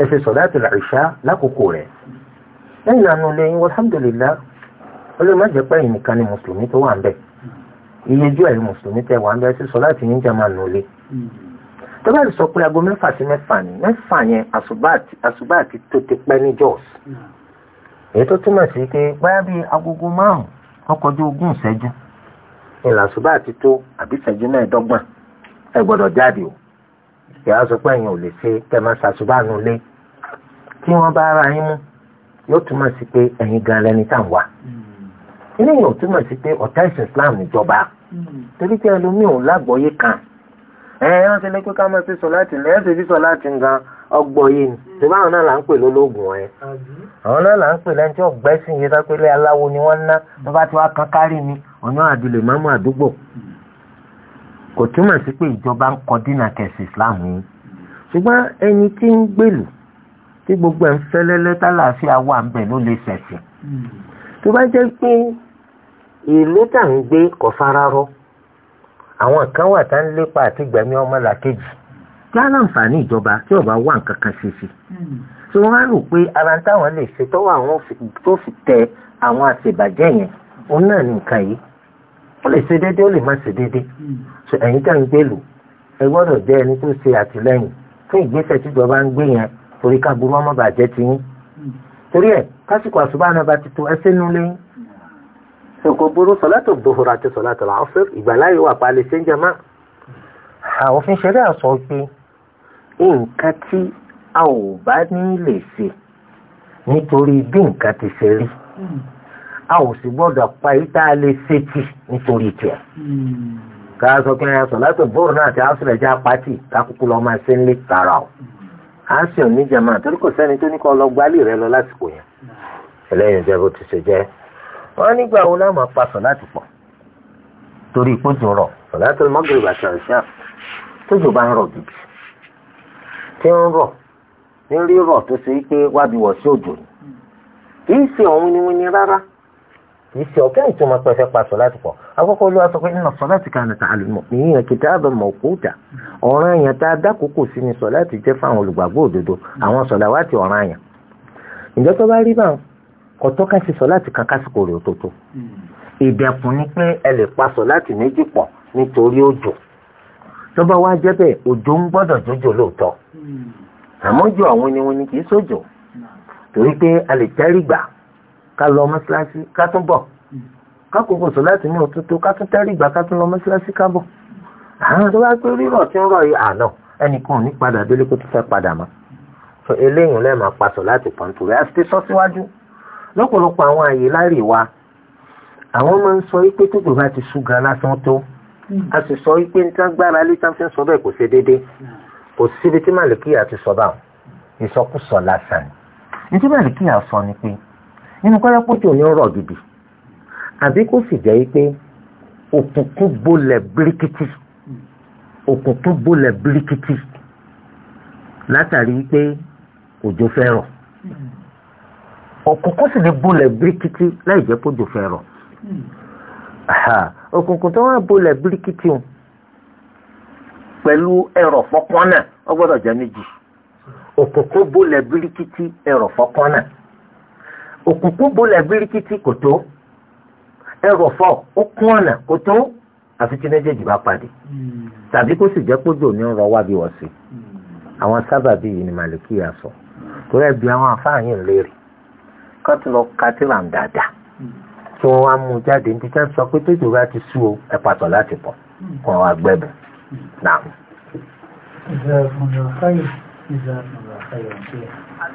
C: ẹ ṣe sọ̀dáàtìl Ìṣá lákòókò rẹ̀ lẹ́yìn àánú léyìn alhamdulillah ọlọ́run má jẹ́ pé ẹ̀yin nìkan ni mùsùlùmí tó wà ń bẹ̀ iye jù ẹ̀yin mùsùlùmí tẹ̀ wà ń bẹ̀ ṣe sọ̀láàtì yín jẹ́ máa nù lé tó bá ti sọ pé aago mẹ́fà sí mẹ́fà ni mẹ́fà yẹn àṣùbà àti tó ti pẹ́ ní Jos èyí tó túmọ̀ sí pé báyà bíi agogo márùn-ún ọkọ̀jú ogún ìṣẹ́jú ìlàsùbà àti tó àbí ìṣẹ́jú náà dọ́gbọ̀n ẹ gbọ́dọ̀ jáde o ìyá sọ pé ẹ̀yin ò lè ṣe kẹ́mà ṣàṣùbà nù lé tí wọ́n bá ara yín mú yóò túmọ̀ sí pé ẹ̀yin gan lẹni tá à ń wá eléyìí ò túmọ̀ sí pé ọ̀tá ìsìn Islam níjọba hmm. torí pé ẹlòmíì ò lágbọ́yé kan ẹ̀rọ ti lé pé ká máa ṣe sọ láti ní ẹ̀sìn sísọ láti ń gan ọgbọ̀ yìí ni ṣé báwọn náà là ń pè lólógùn àwọn náà là ń pè lẹ́ni tí yìí aláwo ni ná tó bá wá kan kárí ni ọ̀nà àdìlẹ̀ àdúgbò kò túmọ̀ sí pé ìjọba ń kọ dínà kẹsì Islam yìí ṣùgbọ́n ẹni tí ń gbèlú tí gbogbo ẹ̀ ń wà ń bẹ̀ ló lè hmm. tó bá jẹ́ pé ìlú tà àwọn kan wà tá ń lépa àti gbẹ̀mí ọmọ làkejì kí á láǹfààní ìjọba tí ọba wà nǹkan kan ṣe sí tí wọ́n á rò pé ara táwọn lè ṣe tọ́wọ́ àwọn tó fi tẹ àwọn àṣebàjẹ́ yẹn òun náà ní nǹkan yìí ó lè ṣe déédéé ó lè má ṣe déédéé ṣe ẹ̀yin tá ń gbèlò ẹ gbọ́dọ̀ jẹ́ ẹni tó ṣe àtìlẹ́yìn fún ìgbésẹ̀ tíjọba ń gbé yẹn torí ká burú ọmọ bàjẹ́ ti yín torí ẹ̀ kásìkò àṣùbánu bá ti tó ẹsẹ̀ nulẹ̀ sọ̀kò burú sọ̀látò dòhùrù àti sọ̀látò làásùr ìgbàláyè wà pa lè ṣe ń jama. àwọn òfin ṣẹlẹ̀ àṣọ pé nǹkan tí a ò bá ní lè ṣe nítorí bí nǹkan ti ṣe rí a ò sì gbọ́dọ̀ pa èyí tá a lè ṣe tì nítorí tiẹ̀. ká sọ pé sọ̀látò dòhùrù náà àti àásùr ẹ̀jẹ̀ apátì lákòókò lọ́ọ́ máa ṣe ń lé tààrà o. àásùn ní jama torí kò sẹ́ni tó ní kọ́ lọ gbálẹ̀ rẹ lọ lásìkò yẹn. ẹlẹ́yin jẹ́ bó ti ṣe jẹ́ wọ́n nígbà wo la máa pa sọ̀láàtì pọ̀ torí ìpójú rọ̀ sọ̀láàtì mọ́gìrìbà àti àṣà tójú bá ń rọ̀ gidi tí ń rọ̀ ní rírọ̀ tó ṣe pé wábi wọ̀ sí òjò ni kì í ṣe òun ni wọ́n ní rárá kì í ṣe ọ̀kẹ́ ìtumọ̀ pé fẹ́ pa sọ̀láàtì pọ̀ akọ́kọ́ olúwa sọ pé nínú sọ̀láàtì kan àti àlùmọ̀ ìyẹn kìtàbà mọ̀kúta ọ̀ràn àyàn tá a dákòókò sí ni sọ̀láàtì jẹ́ fáwọn olùgbàgbọ́ òdodo àwọn sọ̀làwátì ọ̀ràn àyàn ìjọ tó bá rí báwọn kọ̀tọ́ ká ṣe sọ láti kan kásìkò rẹ̀ òtótó ìdẹ̀kùn ni pé ẹ lè pa sọ láti méjì pọ̀ nítorí òjò tó bá wá jẹ́ bẹ́ẹ̀ òjò ń gbọ́dọ̀ jójò lóòótọ́ àmọ́jò àwọn winiwini kì í sójò torí pé a lè tẹ́rì gbà ká lọ mọ́ṣáláṣí ká tún bọ̀ ká kókò sọ láti ní òtótó ká tún tẹ́rì gbà ká tún lọ mọ́ṣáláṣí ká bọ̀ àwọn tó bá pé rírọ̀ tí ń rọ̀ yìí àná ẹnìkan ò ní padà délé kó tó fẹ́ padà mọ́ so eléyìí lẹ́ẹ̀ máa pa sọ láti pọ̀ nítorí a sọ síwájú. Si lọ́pọ̀lọpọ̀ àwọn àyè láre wa àwọn máa ń sọ wípé tó gbòòbá ti ṣú gan lásán tó a sì sọ wípé níta gbára lé tá fi ń sọ bẹ́ẹ̀ kò ṣe déédéé kò síbi tí màlìkíyà ti sọ báwọn ìsọkúsọ lásán ni nítorí màlìkíyà sọ ni pé nínú kọ́lá pọ́jù ní ọ̀rọ̀ gidi àbí kó sì jẹ́ wípé òkùnkùn gbolẹ̀ bíríkítì òkùnkùn gbolẹ̀ bíríkítì látàrí wípé òjò fẹ́ òkùnkùn sì ní bolẹ̀ bíríkítí láì jẹ́ kó jò fẹ́ rọ̀ òkùnkùn tó wà bolẹ̀ bíríkítí o pẹ̀lú ẹ̀rọ fọ́pọ́nà ó gbọ́dọ̀ jẹ́ méjì òkùnkùn bolẹ̀ bíríkítí ẹ̀rọ fọ́pọ́nà òkùnkùn bolẹ̀ bíríkítí kò tó ẹ̀rọ fọ́ ó kún ọ̀nà kò tó àfi tí méjèèjì bá pàdé tàbí kó sì jẹ́ kó jò ní ọ̀rọ̀ wá bí wọ́n sí àwọn sábàbí yìí ni màlìkì yà sọ torí ẹ̀ bí àwọn afáàyàn lérè kọ́ tó lọ ka tíra ń dáadáa tí wọ́n wá mú jáde níbi tí wọ́n sọ pé tó ìjọba ti sú o ẹ pàtó láti pọ̀ kó wọ́n gbẹ́bù náà.
B: ìjọba ìfúnra fáyọ̀ ìjọba ìfúnra fáyọ̀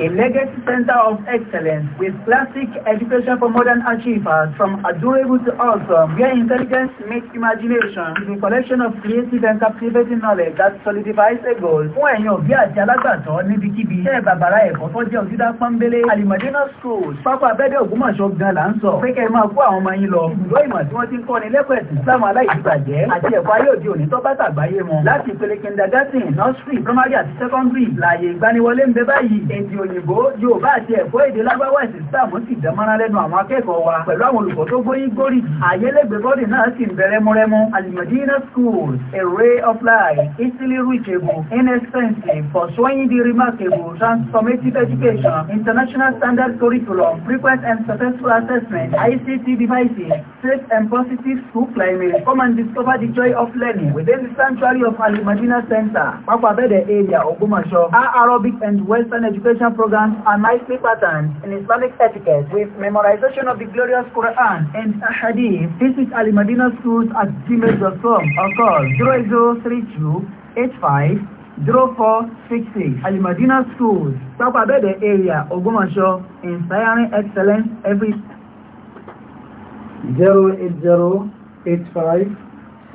B: a legacy center of excellence with classic education for modern achievers from adorable to awesome, where intelligence meets imagination is a collection of creative and captivating knowledge that solidifies a goal. Fún ẹ̀yin òbí àti alágbàtọ́ níbikíbi iṣẹ́ bàbàrà ẹ̀kọ́ tó jẹ́ òjúdá pọ́nbélé Alimadina schools pápá abẹ́dẹ̀ Ògbómọ̀ṣọ́ gan là ń sọ pé kẹ́ ẹ máa kó àwọn ọmọ yín lọ ìlú ìmọ̀ tí wọ́n ti ń kọ́ni lẹ́kọ̀ọ́ ẹ̀sìn Islam aláìsíbàjẹ́ àti ẹ̀kọ́ ayé òde òní tó bá tàgbáyé mu láti ìpele kindergarten nursery primary àti secondary láàyè ìgbaniwọlé ń òyìnbó yóò bá àti ẹ̀kọ́ èdè lágbáwá ẹ̀sìn sì dẹ́mọ́rán lẹ́nu àwọn akẹ́kọ̀ọ́ wa pẹ̀lú àwọn olùkọ́ tó gbórí àyélégbé bọ́dì náà sì ń bẹ̀rẹ̀ múrẹ́mú alimọ̀dínà schools a ray of light easily reachable inexpensive pursuing the remarkable transformative education international standard curriculum frequent and successful assessment ICT devices safe and positive school climate come and discover the joy of learning within the sanctuary of alimadina center pápá abẹ́dẹ̀ area Ògbómọ̀ṣọ́ our Arabic and Western education education programs are nicely patterned in Islamic etiquette with memorization of the glorious Quran and Hadith. This is Ali Madina Schools at gmail.com or call 0032 85 0466. Ali Madina Schools, South Bede area, Ogumasho, inspiring excellence every 080 85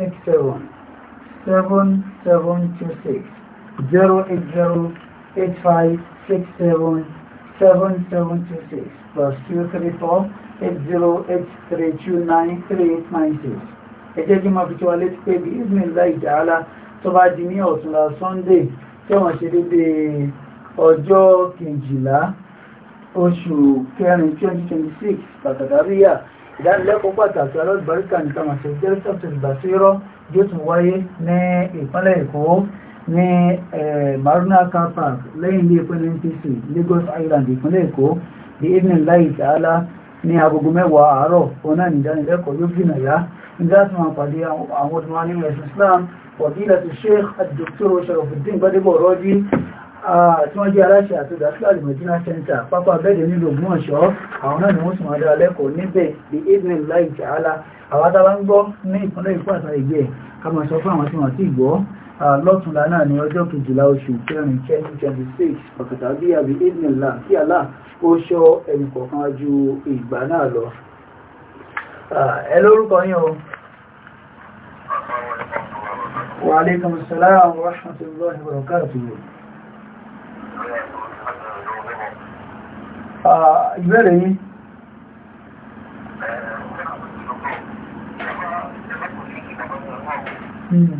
B: 67 7726 080 85 67776 plus 234 8083293896. ẹ jẹ́ kí n máa fi tó wa létí pé bí bismillah ta'ala tó bá di ní ọ̀túnla sunday tí wọ́n ṣe dédé ọjọ́ kejìlá oṣù kẹrin 2026 pàtàkàríyà ìdánilẹ́kọ̀ọ́ pàtàkì alọ́gbàríkà nìkan àti ìjẹ́rìsọ̀tò ìgbàsírọ́ yóò tún wáyé ní ìpínlẹ̀ èkó ní Maruna car park lẹ́yìn ilé epo NNPC Lagos Island ìpínlẹ̀ Èkó the evening light ala ní agogo mẹ́wàá àárọ̀ ọ̀nà ìdánilẹ́kọ̀ọ́ yóò gbìnà yá nígbà tí wọ́n pàdé àwọn ọdún nínú ẹ̀sìn Islam fọ̀dílẹ̀ ti Sheikh Dr. Sharafuddin Gbadebo Rọ́jí tí wọ́n jẹ́ aláṣẹ àti ìdásílẹ̀ Medina Center pápá abẹ́dẹ̀ nílò Ògbómọ̀ṣọ́ àwọn náà ni wọ́n tún adá lẹ́kọ̀ọ́ níbẹ̀ the evening light ala àwọn tábà ń gbọ́ ní ìpínlẹ̀ Èkó àtàrí ìgbẹ́ kàmọ̀ sọ fún àwọn tí wọ́n ti gbọ́ Ah, lọ́tùnlá náà ní ọjọ́ kejìlá oṣù kẹrin twenty twenty six ọ̀kàtà bí àbí ìdìnnìlá kí àlá ó ṣọ́ ẹnìkọ̀ọ̀kan ju ìgbà náà lọ. Ah, ẹ lórúkọ yín o. wa alaikum salaam wa rahmatullahi wa barakatuhu. Ah, ìbéèrè
A: Mm-hmm.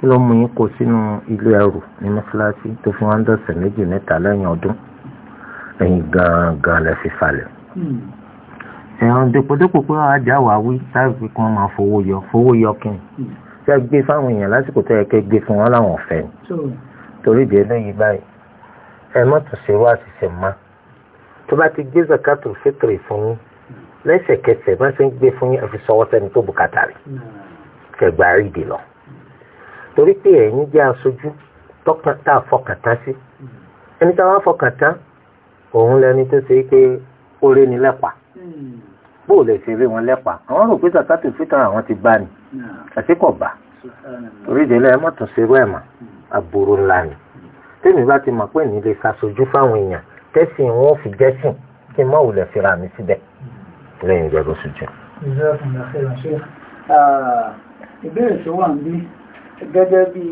C: kí ló mú yín kó sínú ilé ẹrù ní mọ́ṣáláṣí tó fi wọ́n dọ̀sẹ̀ méjì mẹ́ta lẹ́yìn ọdún ẹ̀yìn gangan lẹ falẹ̀. Hmm. ẹ̀wọ̀n dèpòdépò pé ajá wà wí láti kí wọ́n máa fowó yọ fowó yọ kí ni hmm. ṣé gbé fáwọn èèyàn lásìkò tó yẹ kẹ́ gbé fún wọn láwọn ọ̀fẹ́ ni torí ìdí eléyìí báyìí ẹ má tún ṣe wá àṣìṣe má tó bá ti gbé zakatul fitri fún yín lẹ́sẹ̀kẹsẹ̀ bá ṣe ń gbé fún yín ẹ fi sọwọ́ sẹ́ni tó bùkátà rẹ̀ hmm. kẹgbàá rí lọ torí pé ẹ̀yin jẹ́ aṣojú tọ́kàtà fọkàtà sí ẹni tí wọ́n fọkàtà òun lẹni tó ṣe pé ó rí ni lẹ́pà bó lè ṣe rí wọn lẹ́pà àwọn rò pé sàkátì fìtàn àwọn ti bá ni àti kò bá torí ìdílé ẹ mọ̀tún ṣe irú ẹ̀ àbúrò hmm. ńlá ni tèmi bá ti mọ̀ pé ní lè ṣàṣojú fáwọn èèyàn tẹ́sìn wọn fi jẹ́sìn kí n má wulẹ̀ fira mi síbẹ̀ lẹ́yìn ìjọba ṣùjẹ́.
B: Ah, ìbéèrè tó wà ń bí gẹ́gẹ́ bí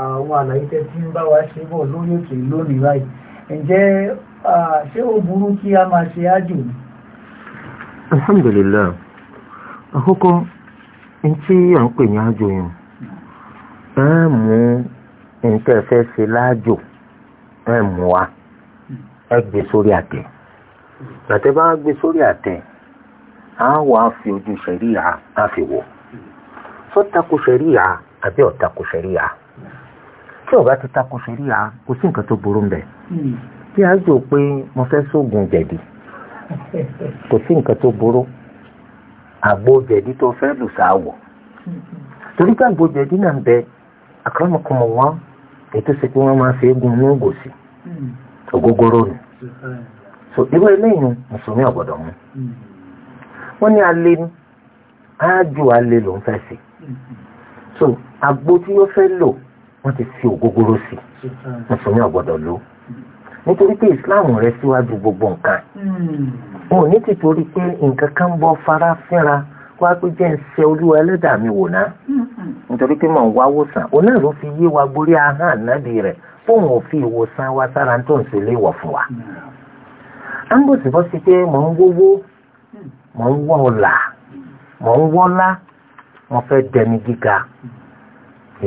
B: àwọn àlàyé tẹ́ tí ń bá wa ṣe bọ̀ lórí òkè lónìí báyìí ǹjẹ́ ṣé ó burú kí a máa ṣe ájò ni.
C: alhamdulillah àkọ́kọ́ ní tí à ń pè ní ájò yẹn ẹ mú nǹkan ẹ̀fẹ́ ṣe láàjò ẹ mú wa ẹ gbé sórí àtẹ àtẹ bá gbé sórí àtẹ á wà á fi ojú á fi wọ̀ sọ́tàkù ṣẹ̀ríyà àbí ọ̀tá kò ṣẹ̀ríà tí ọ̀gá ti takò ṣẹ̀ríà kò sí nǹkan tó burú ń bẹ̀ tí hmm. a jò pé mo fẹ́ sóògùn jẹ̀dí kò sí nǹkan tó burú àgbo jẹ̀dí tó fẹ́ lù sáwọ̀ torí ká àgbo jẹ̀dí náà bẹ àkàràmọ̀kọ̀mọ̀ wọn ètò sí pé máa fi eégún ní ògòsì hmm. ògógóró ni so irú eléyìí mùsùlùmí ọ̀gbọ̀dọ̀ mu hmm. wọ́n ní alẹ́ ní ájú alẹ́ ló fẹ́ sí so àgbo tí ó fẹ́ lò wọ́n ti fi ògógóró sí mùsùlùmí ọ̀gbọ́dọ̀ lò nítorí pé islam rẹ síwájú gbogbo nǹkan hmm. òun ní ti torí pé nǹkan kan ń bọ́ fara fínra wá pé jẹ́ ń ṣe olúwa ẹlẹ́dàá mi wò ná
A: hmm.
C: nítorí pé mọ̀ ń wá wòsàn òun náà ló fi yé wa borí ahọ́n ànábì rẹ̀ fóun ò fi ìwòsàn wa sára tó ń ṣe léwọ̀ fún wa. Hmm. à ń bòsibọ́sí pé mọ̀ ń wówó mọ̀ ń wọ́ ọ̀la mọ̀ ń wọ́lá wọ́n fẹ́ dẹni gíga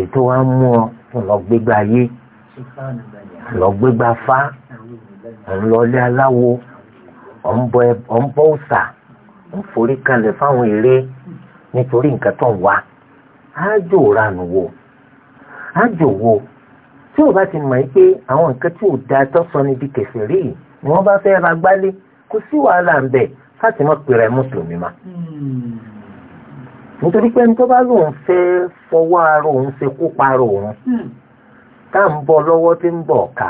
C: ètò wa mú ọ lọ́gbégbá yé lọ́gbégbá fá ńlọlé aláwo ọ̀nbọ ọ̀sà ń forí kalẹ̀ fáwọn eré nítorí nǹkan tó ń wá ájò ranù wo ájò wo tí o bá ti mọ̀ pé àwọn nǹkan tí ò da tọ́sọ níbi kẹsì rí yìí ni wọ́n bá fẹ́ ra gbálé kò sí wàhálà ń bẹ̀ fásimọ́ pèrè mùsùlùmí ma. nítorí pé ẹni tó bá lòun fẹ́ fọwọ́ ara òun ṣe kó parọ́ òun hmm. tá à ń bọ́ lọ́wọ́ tí ń bọ̀ ọ̀ka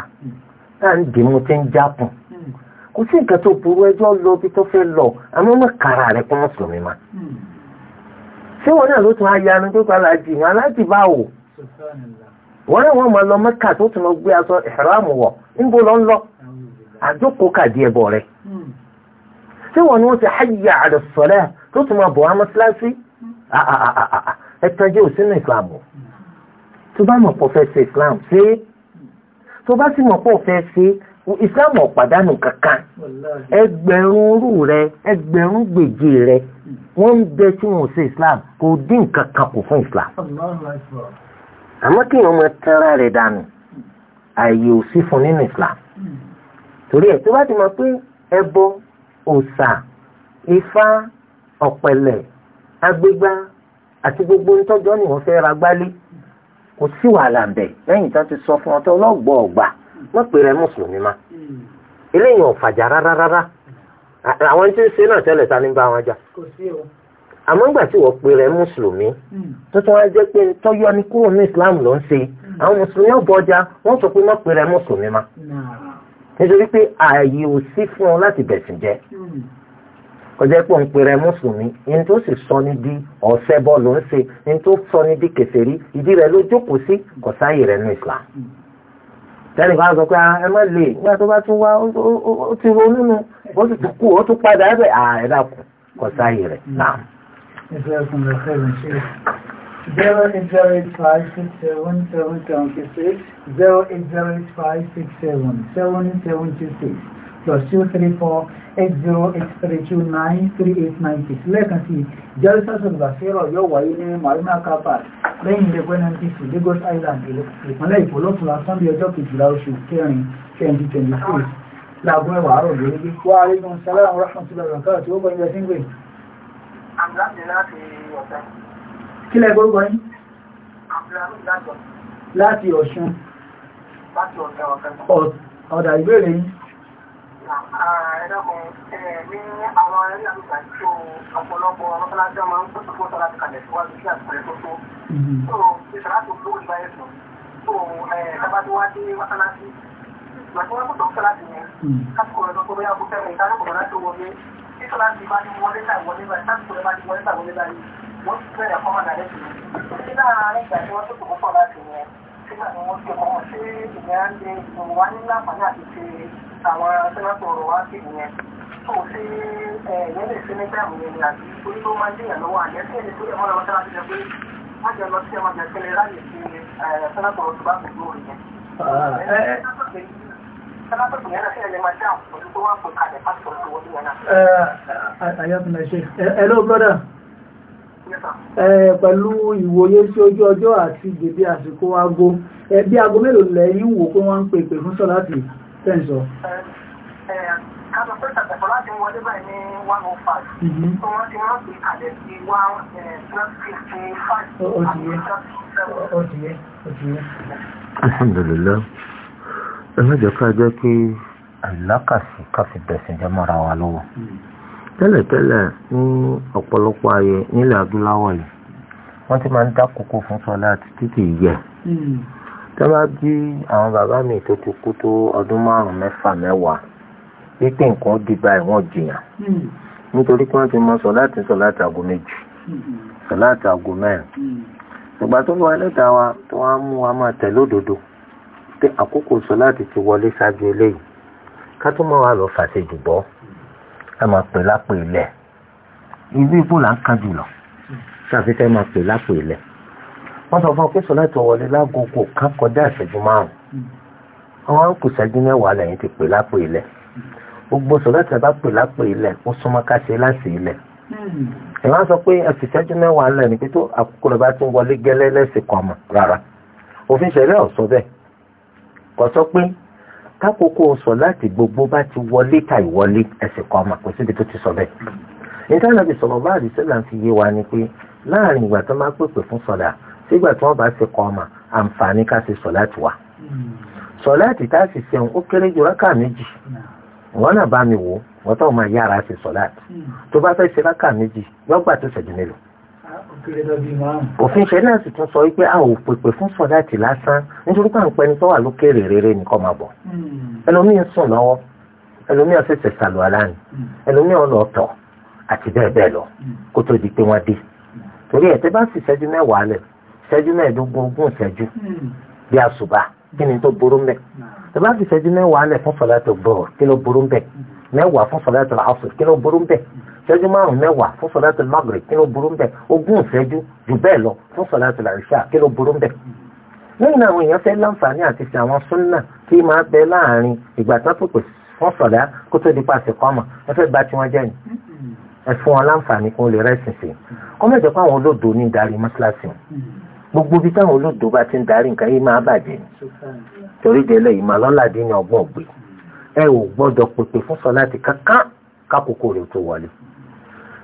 C: tá à ń dìímú tí ń jápùn hmm. kò sí nǹkan tó burú ẹjọ́ lọ bí tó fẹ́ lọ àmọ́ ma hmm. ṣé wọn lọ Mẹ́kà tó tún lọ gbé aṣọ níbo lọ ń lọ àjókòó kàdí ṣé wọn ni wọn ti hayya ala tó tún máa bọ̀ Ah, ah, ah, ẹ̀tàn jẹ́ òsínú islam o tó bá mọ̀ pọ̀ fẹ́ ṣe islam ṣe é tó bá sì mọ̀ pọ̀ fẹ́ ṣe islam ọ̀pàdánù kankan ẹgbẹ̀rún rú rẹ ẹgbẹ̀rún gbèjì rẹ wọ́n ń bẹ tí wọ́n ṣe islam kò dín nǹkan kan kù fún islam àmọ́ kí wọ́n mọ tẹ́ra rẹ̀ dànù ààyè ò sí fún nínú islam torí ẹ̀ tó bá ti mọ̀ pé ẹbọ òòṣà ifá ọ̀pẹ̀lẹ̀ agbégbá àti gbogbo nítọ́jọ́ ni wọ́n fẹ́ ra gbálé kò sí wàhálà ń bẹ̀ lẹ́yìn tó ti sọ fún ọtọ́ ọlọ́gbọ́ ọ̀gbà wọ́n pè rẹ mùsùlùmí ma eléyìí ọ̀fàjà rárá rárá àwọn tí ń ṣe náà tẹ́lẹ̀ ta ní bá wọn jà àmọ́ ńgbà tí wọ́n pè rẹ mùsùlùmí hmm. tó tún wá jẹ́ pé tọ́yọ́ ni kúrò ní Islam ló ń ṣe hmm. àwọn mùsùlùmí ọ̀bọ̀ ọjà wọ́n sọ pé wọ́n pè rẹ mùsùlùmí ma
A: hmm.
C: nítorí pé ààyè ò sí fún ọ láti bẹ̀sìn jẹ́ kọjá pé òun pèrè mùsùlùmí ní tó sì sọ ní di ọ̀sẹ̀ bọ́ọ̀lù ń ṣe ní tó sọ ní di kèfèrí ìdí rẹ̀ ló jókòó sí kò sáyè rẹ̀ nù islam. tẹ́lẹ̀ kan sọ pé ah, ẹ má lè nígbà tó bá tún wá ó ti ronú nu ó sì ti kú ó tún padà ẹ̀ à dàkú kò rẹ̀ náà.
B: Zero eight zero eight five six seven seven seven two six zero eight zero eight five six seven seven seven two six plus two three four. 08083293896 lẹ́ẹ̀kan sí jẹ́rìsàsọ̀ ìgbàfẹ́rọ̀ yóò wáyé ní marina car park lẹ́yìn ilé gwẹ́nẹ́ntì sí Lagos Island ìpínlẹ̀ Èkó lọ́tùnlá sunday ọjọ́ kejìlá oṣù kẹrin 2023 láago mẹ́wàá àárọ̀ lórí wà á rí gan sálárà rahmatullahi wa barakatuh tí ó bọ́ ilẹ̀ sí ń gbé. kí lẹ́ gbogbo yín. láti Ọ̀ṣun. ọ̀dà ìbéèrè yín
D: ẹ̀dọ́kùn ní àwọn ẹ̀rí àgbà tó ọ̀pọ̀lọpọ̀ ọlọ́pàá máa ń pèsè fún sọ́lá ti kalẹ̀ síwájú sí àpẹẹrẹ tó tó. tó ìṣẹ̀lá tó lówó ìgbà ẹ̀sùn tó ẹ̀ẹ́dábàdé wá dé mọ́sálásí. ìgbà tí wọ́n tó sọ́lá ti yẹn kásìkò ẹ̀dọ́ tó bẹ́yà kó fẹ́ràn ìdánilòpọ̀ náà tó wọlé. tí sọ́lá ti bá ti wọlé láì wọlé báyìí kásìkò ẹ̀ bá ti wọlé láì wọlé báyìí wọ́n ti bẹ̀rẹ̀ fọ́mọ̀ nàlẹ́ sí i. láàárín ìgbà tí wọ́n tó tó kọ́ àwọn sẹ́wọ́tò ọ̀rọ̀ wá sí ìyẹn tó ṣe ẹ̀yẹ́ lè ṣe ní táàmù yẹn ni àti orí ló máa ń dèèyàn lọ́wọ́ àyẹ́ sí ẹni tó yẹ mọ́ra wọn sára ti jẹ pé má jẹ lọ sí ẹmọ jẹ kẹlẹ láyè sí sẹ́wọ́tò ọ̀rọ̀ tó bá kò lóore yẹn. Ah, sẹ́wọ́tò yẹn náà sí ẹ̀yẹ máa
B: dáhùn pẹ̀lú pé wọ́n kò kalẹ̀ pásítọ̀ tó wọlé yẹn náà. Eh, ah, ah, eh, hello brother eh, pẹ̀lú ìwòye sí ojú ọjọ́ àti gbèdé àsìkò aago ẹbí aago mélòó lẹ́yìn wò pé wọ́n ń pèpè fún tẹ́ǹsọ.
D: káàpọ̀ ṣàtẹ̀kọ́ láti wọlé báyìí ní one oh five tó wọ́n ti rántí àdẹ̀ sí one fifty five àti
B: thirty
C: seven. alhamdulillah ẹ mẹ́jọ ká jẹ́ pé àlákàsí ká fi bẹ̀sìn jẹ́ mọ́ra wa lọ́wọ́ tẹ́lẹ̀tẹ́lẹ̀ ní ọ̀pọ̀lọpọ̀ ayé nílẹ̀ adúláwọ̀ yìí wọ́n ti máa ń dá kókó fún sọlá títí yẹ hmm tó bá bí àwọn bàbá mi tó ti kú tó ọdún márùn-ún mẹ́fà mẹ́wàá wípé nǹkan ó dìgbà ìwọ̀n jìyàn hmm. nítorí pé wọ́n ti mọ sọ̀láàtì sọ̀láàtì aago méjì sọ̀láàtì aago mẹ́rin hmm. ìgbà tó lọ ẹlẹ́dàá wa tó wá mú wa máa tẹ̀ lódodo pé àkókò sọ̀láàtì ti wọlé ṣáájú eléyìí ká tó mọ̀ wá lọ fàṣejù bọ́ ẹ máa pè lápò ilẹ̀ ìlú ìbò là ń kan jùlọ ṣàfihàn máa pè lápò ilẹ̀ wọ́n sọ fún ọ pé sọ́láìtì wọlé lágogo kan kọjá ìṣẹ́jú márùn-ún àwọn kù ṣẹ́jú mẹ́wàá lẹ́yìn ti pè lápò ilẹ̀ gbogbo sọ́láìtì ẹ bá pè lápò ilẹ̀ ó súnmọ́ ká ṣe láti ilẹ̀ ẹ máa sọ pé ẹsì ṣẹ́jú mẹ́wàá lẹ́yìn ni pé tó àkókò rẹ̀ bá ti wọlé gẹ́lẹ́ lẹ́sìn kan mọ̀ rárá òfin ṣẹlẹ̀ ò bẹ́ẹ̀ kò sọ pé kákòókò sọ́láìtì gbogbo bá ti wọlé ta ìwọlé ẹsìn kan mọ̀ kò tó ti sọ bẹ́ẹ̀ nítorí àbí sọ̀rọ̀ bá àdìsẹ́ là ń fi yé wa ni pé láàrin ìgbà tó máa pèpè fún sọ̀dà sígbà tí wọ́n bá ṣe kọ́ ọmọ àǹfààní ká ṣe sọ̀láàtì wa sọ̀láàtì tá a sì ṣeun ó kéré jù rákà méjì wọ́n náà bá mi wò wọ́n tó máa yára ṣe sọ̀láàtì tó bá fẹ́ ṣe rákà méjì lọ́gbà tó ṣẹ̀jú mélòó òfin ṣẹlẹ̀ sì tún sọ wípé a ò pèpè fún sọ̀láàtì lásán nítorí pé à ń pẹni tó wà lókèrè rere nìkan máa bọ̀ ẹlòmíín sùn lọ́wọ́ ẹlòmíín ọ̀sẹ̀sẹ̀ sàlù aláàánú ẹlòmíín ọlọ́ọ̀tọ̀ àti bẹ́ẹ̀ bẹ́ẹ̀ lọ kó tó di pé wọ́n dé torí ẹ̀ tẹ́ bá sì ṣẹ́jú mẹ́wàá lẹ̀ ṣẹ́jú mẹ́ẹ̀ẹ́dógún ogún ìṣẹ́jú hmm. bí àṣùbà kí ni tó burú mbẹ hmm. tó bá fi ṣẹ́jú mẹ́wàá lẹ̀ fún sọ̀láàtì bọ̀ kí ló burú mbẹ hmm. mẹ́wàá fún sọ̀láàtì àṣù kí ló burú mbẹ ṣẹ́jú márùn mẹ́wàá fún sọ̀láàtì maghrib kí ló burú mbẹ ogún ìṣẹ́jú jù bẹ́ẹ̀ lọ fún sọ̀láàtì ìṣà kí ló burú mbẹ lẹ́yìn àwọn èèyàn fẹ́ láǹfààní àti ṣe àwọn súnnà tí máa bẹ láàrin ìgbà tán pèpè fún sọ̀dá kó tó di pàṣẹ kọ́mà ẹ fẹ́ gba tiwọn jẹ́ ni ẹ fún wọn láǹfààní kó lè rẹ́sìn sí i kọ́mẹ̀jọ́ pé àwọn olóòdó ní darí mọ́ṣáláṣí gbogbo bí táwọn olódò bá ti ń darí nǹkan yìí máa bàjẹ́ torí délé ìmọ̀lọ́ládé ní ọgbọ́n ògbé ẹ ò gbọ́dọ̀ pèpè fún sọ láti kankan kákòókò rẹ̀ tó wọlé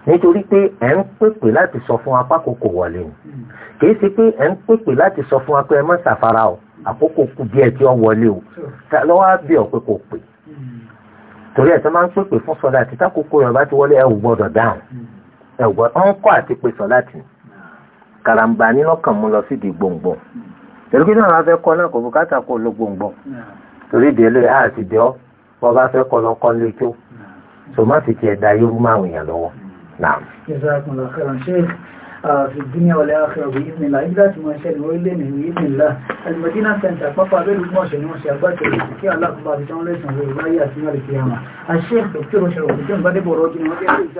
C: nítorí pé ẹ̀ ń pèpè láti sọ fún apá kòkò wọlé ni kìí ṣe pé ẹ̀ ń pèpè láti sọ fún apá ẹ má ṣàfara o àkókò kù díẹ̀ tí ó wọlé o lọ́wọ́ á bí ọ̀pẹ kò pè torí ẹ̀ tó máa ń pèpè fún sọ láti tákòókò rẹ̀ bá ti wọlé ẹ ò gbọ́dọ̀ dáhùn ẹ ò gbọ́dọ̀ ń kọ́ àti pè sọ láti ni karamba nínú kàn mú lọ sí di gbòǹgbò pẹ̀lú kí náà fẹ́ kọ́ náà kò bùkátà kó lo gbòǹgbò torí délé a ti dẹ́ ọ́ bọ́ bá fẹ́ kọ́ lọ kọ́ lé tó so má fi tiẹ̀ da yóò máa wìyàn lọ́wọ́ náà.
B: في الدنيا والآخرة بإذن الله إذا تماشى الولين بإذن الله المدينة سنتا فقط بالماشى الماشى أبات الكي الله قبضة ليس من الرؤية السنة القيامة الشيخ دكتور شرف الدين بدي بروجين ودي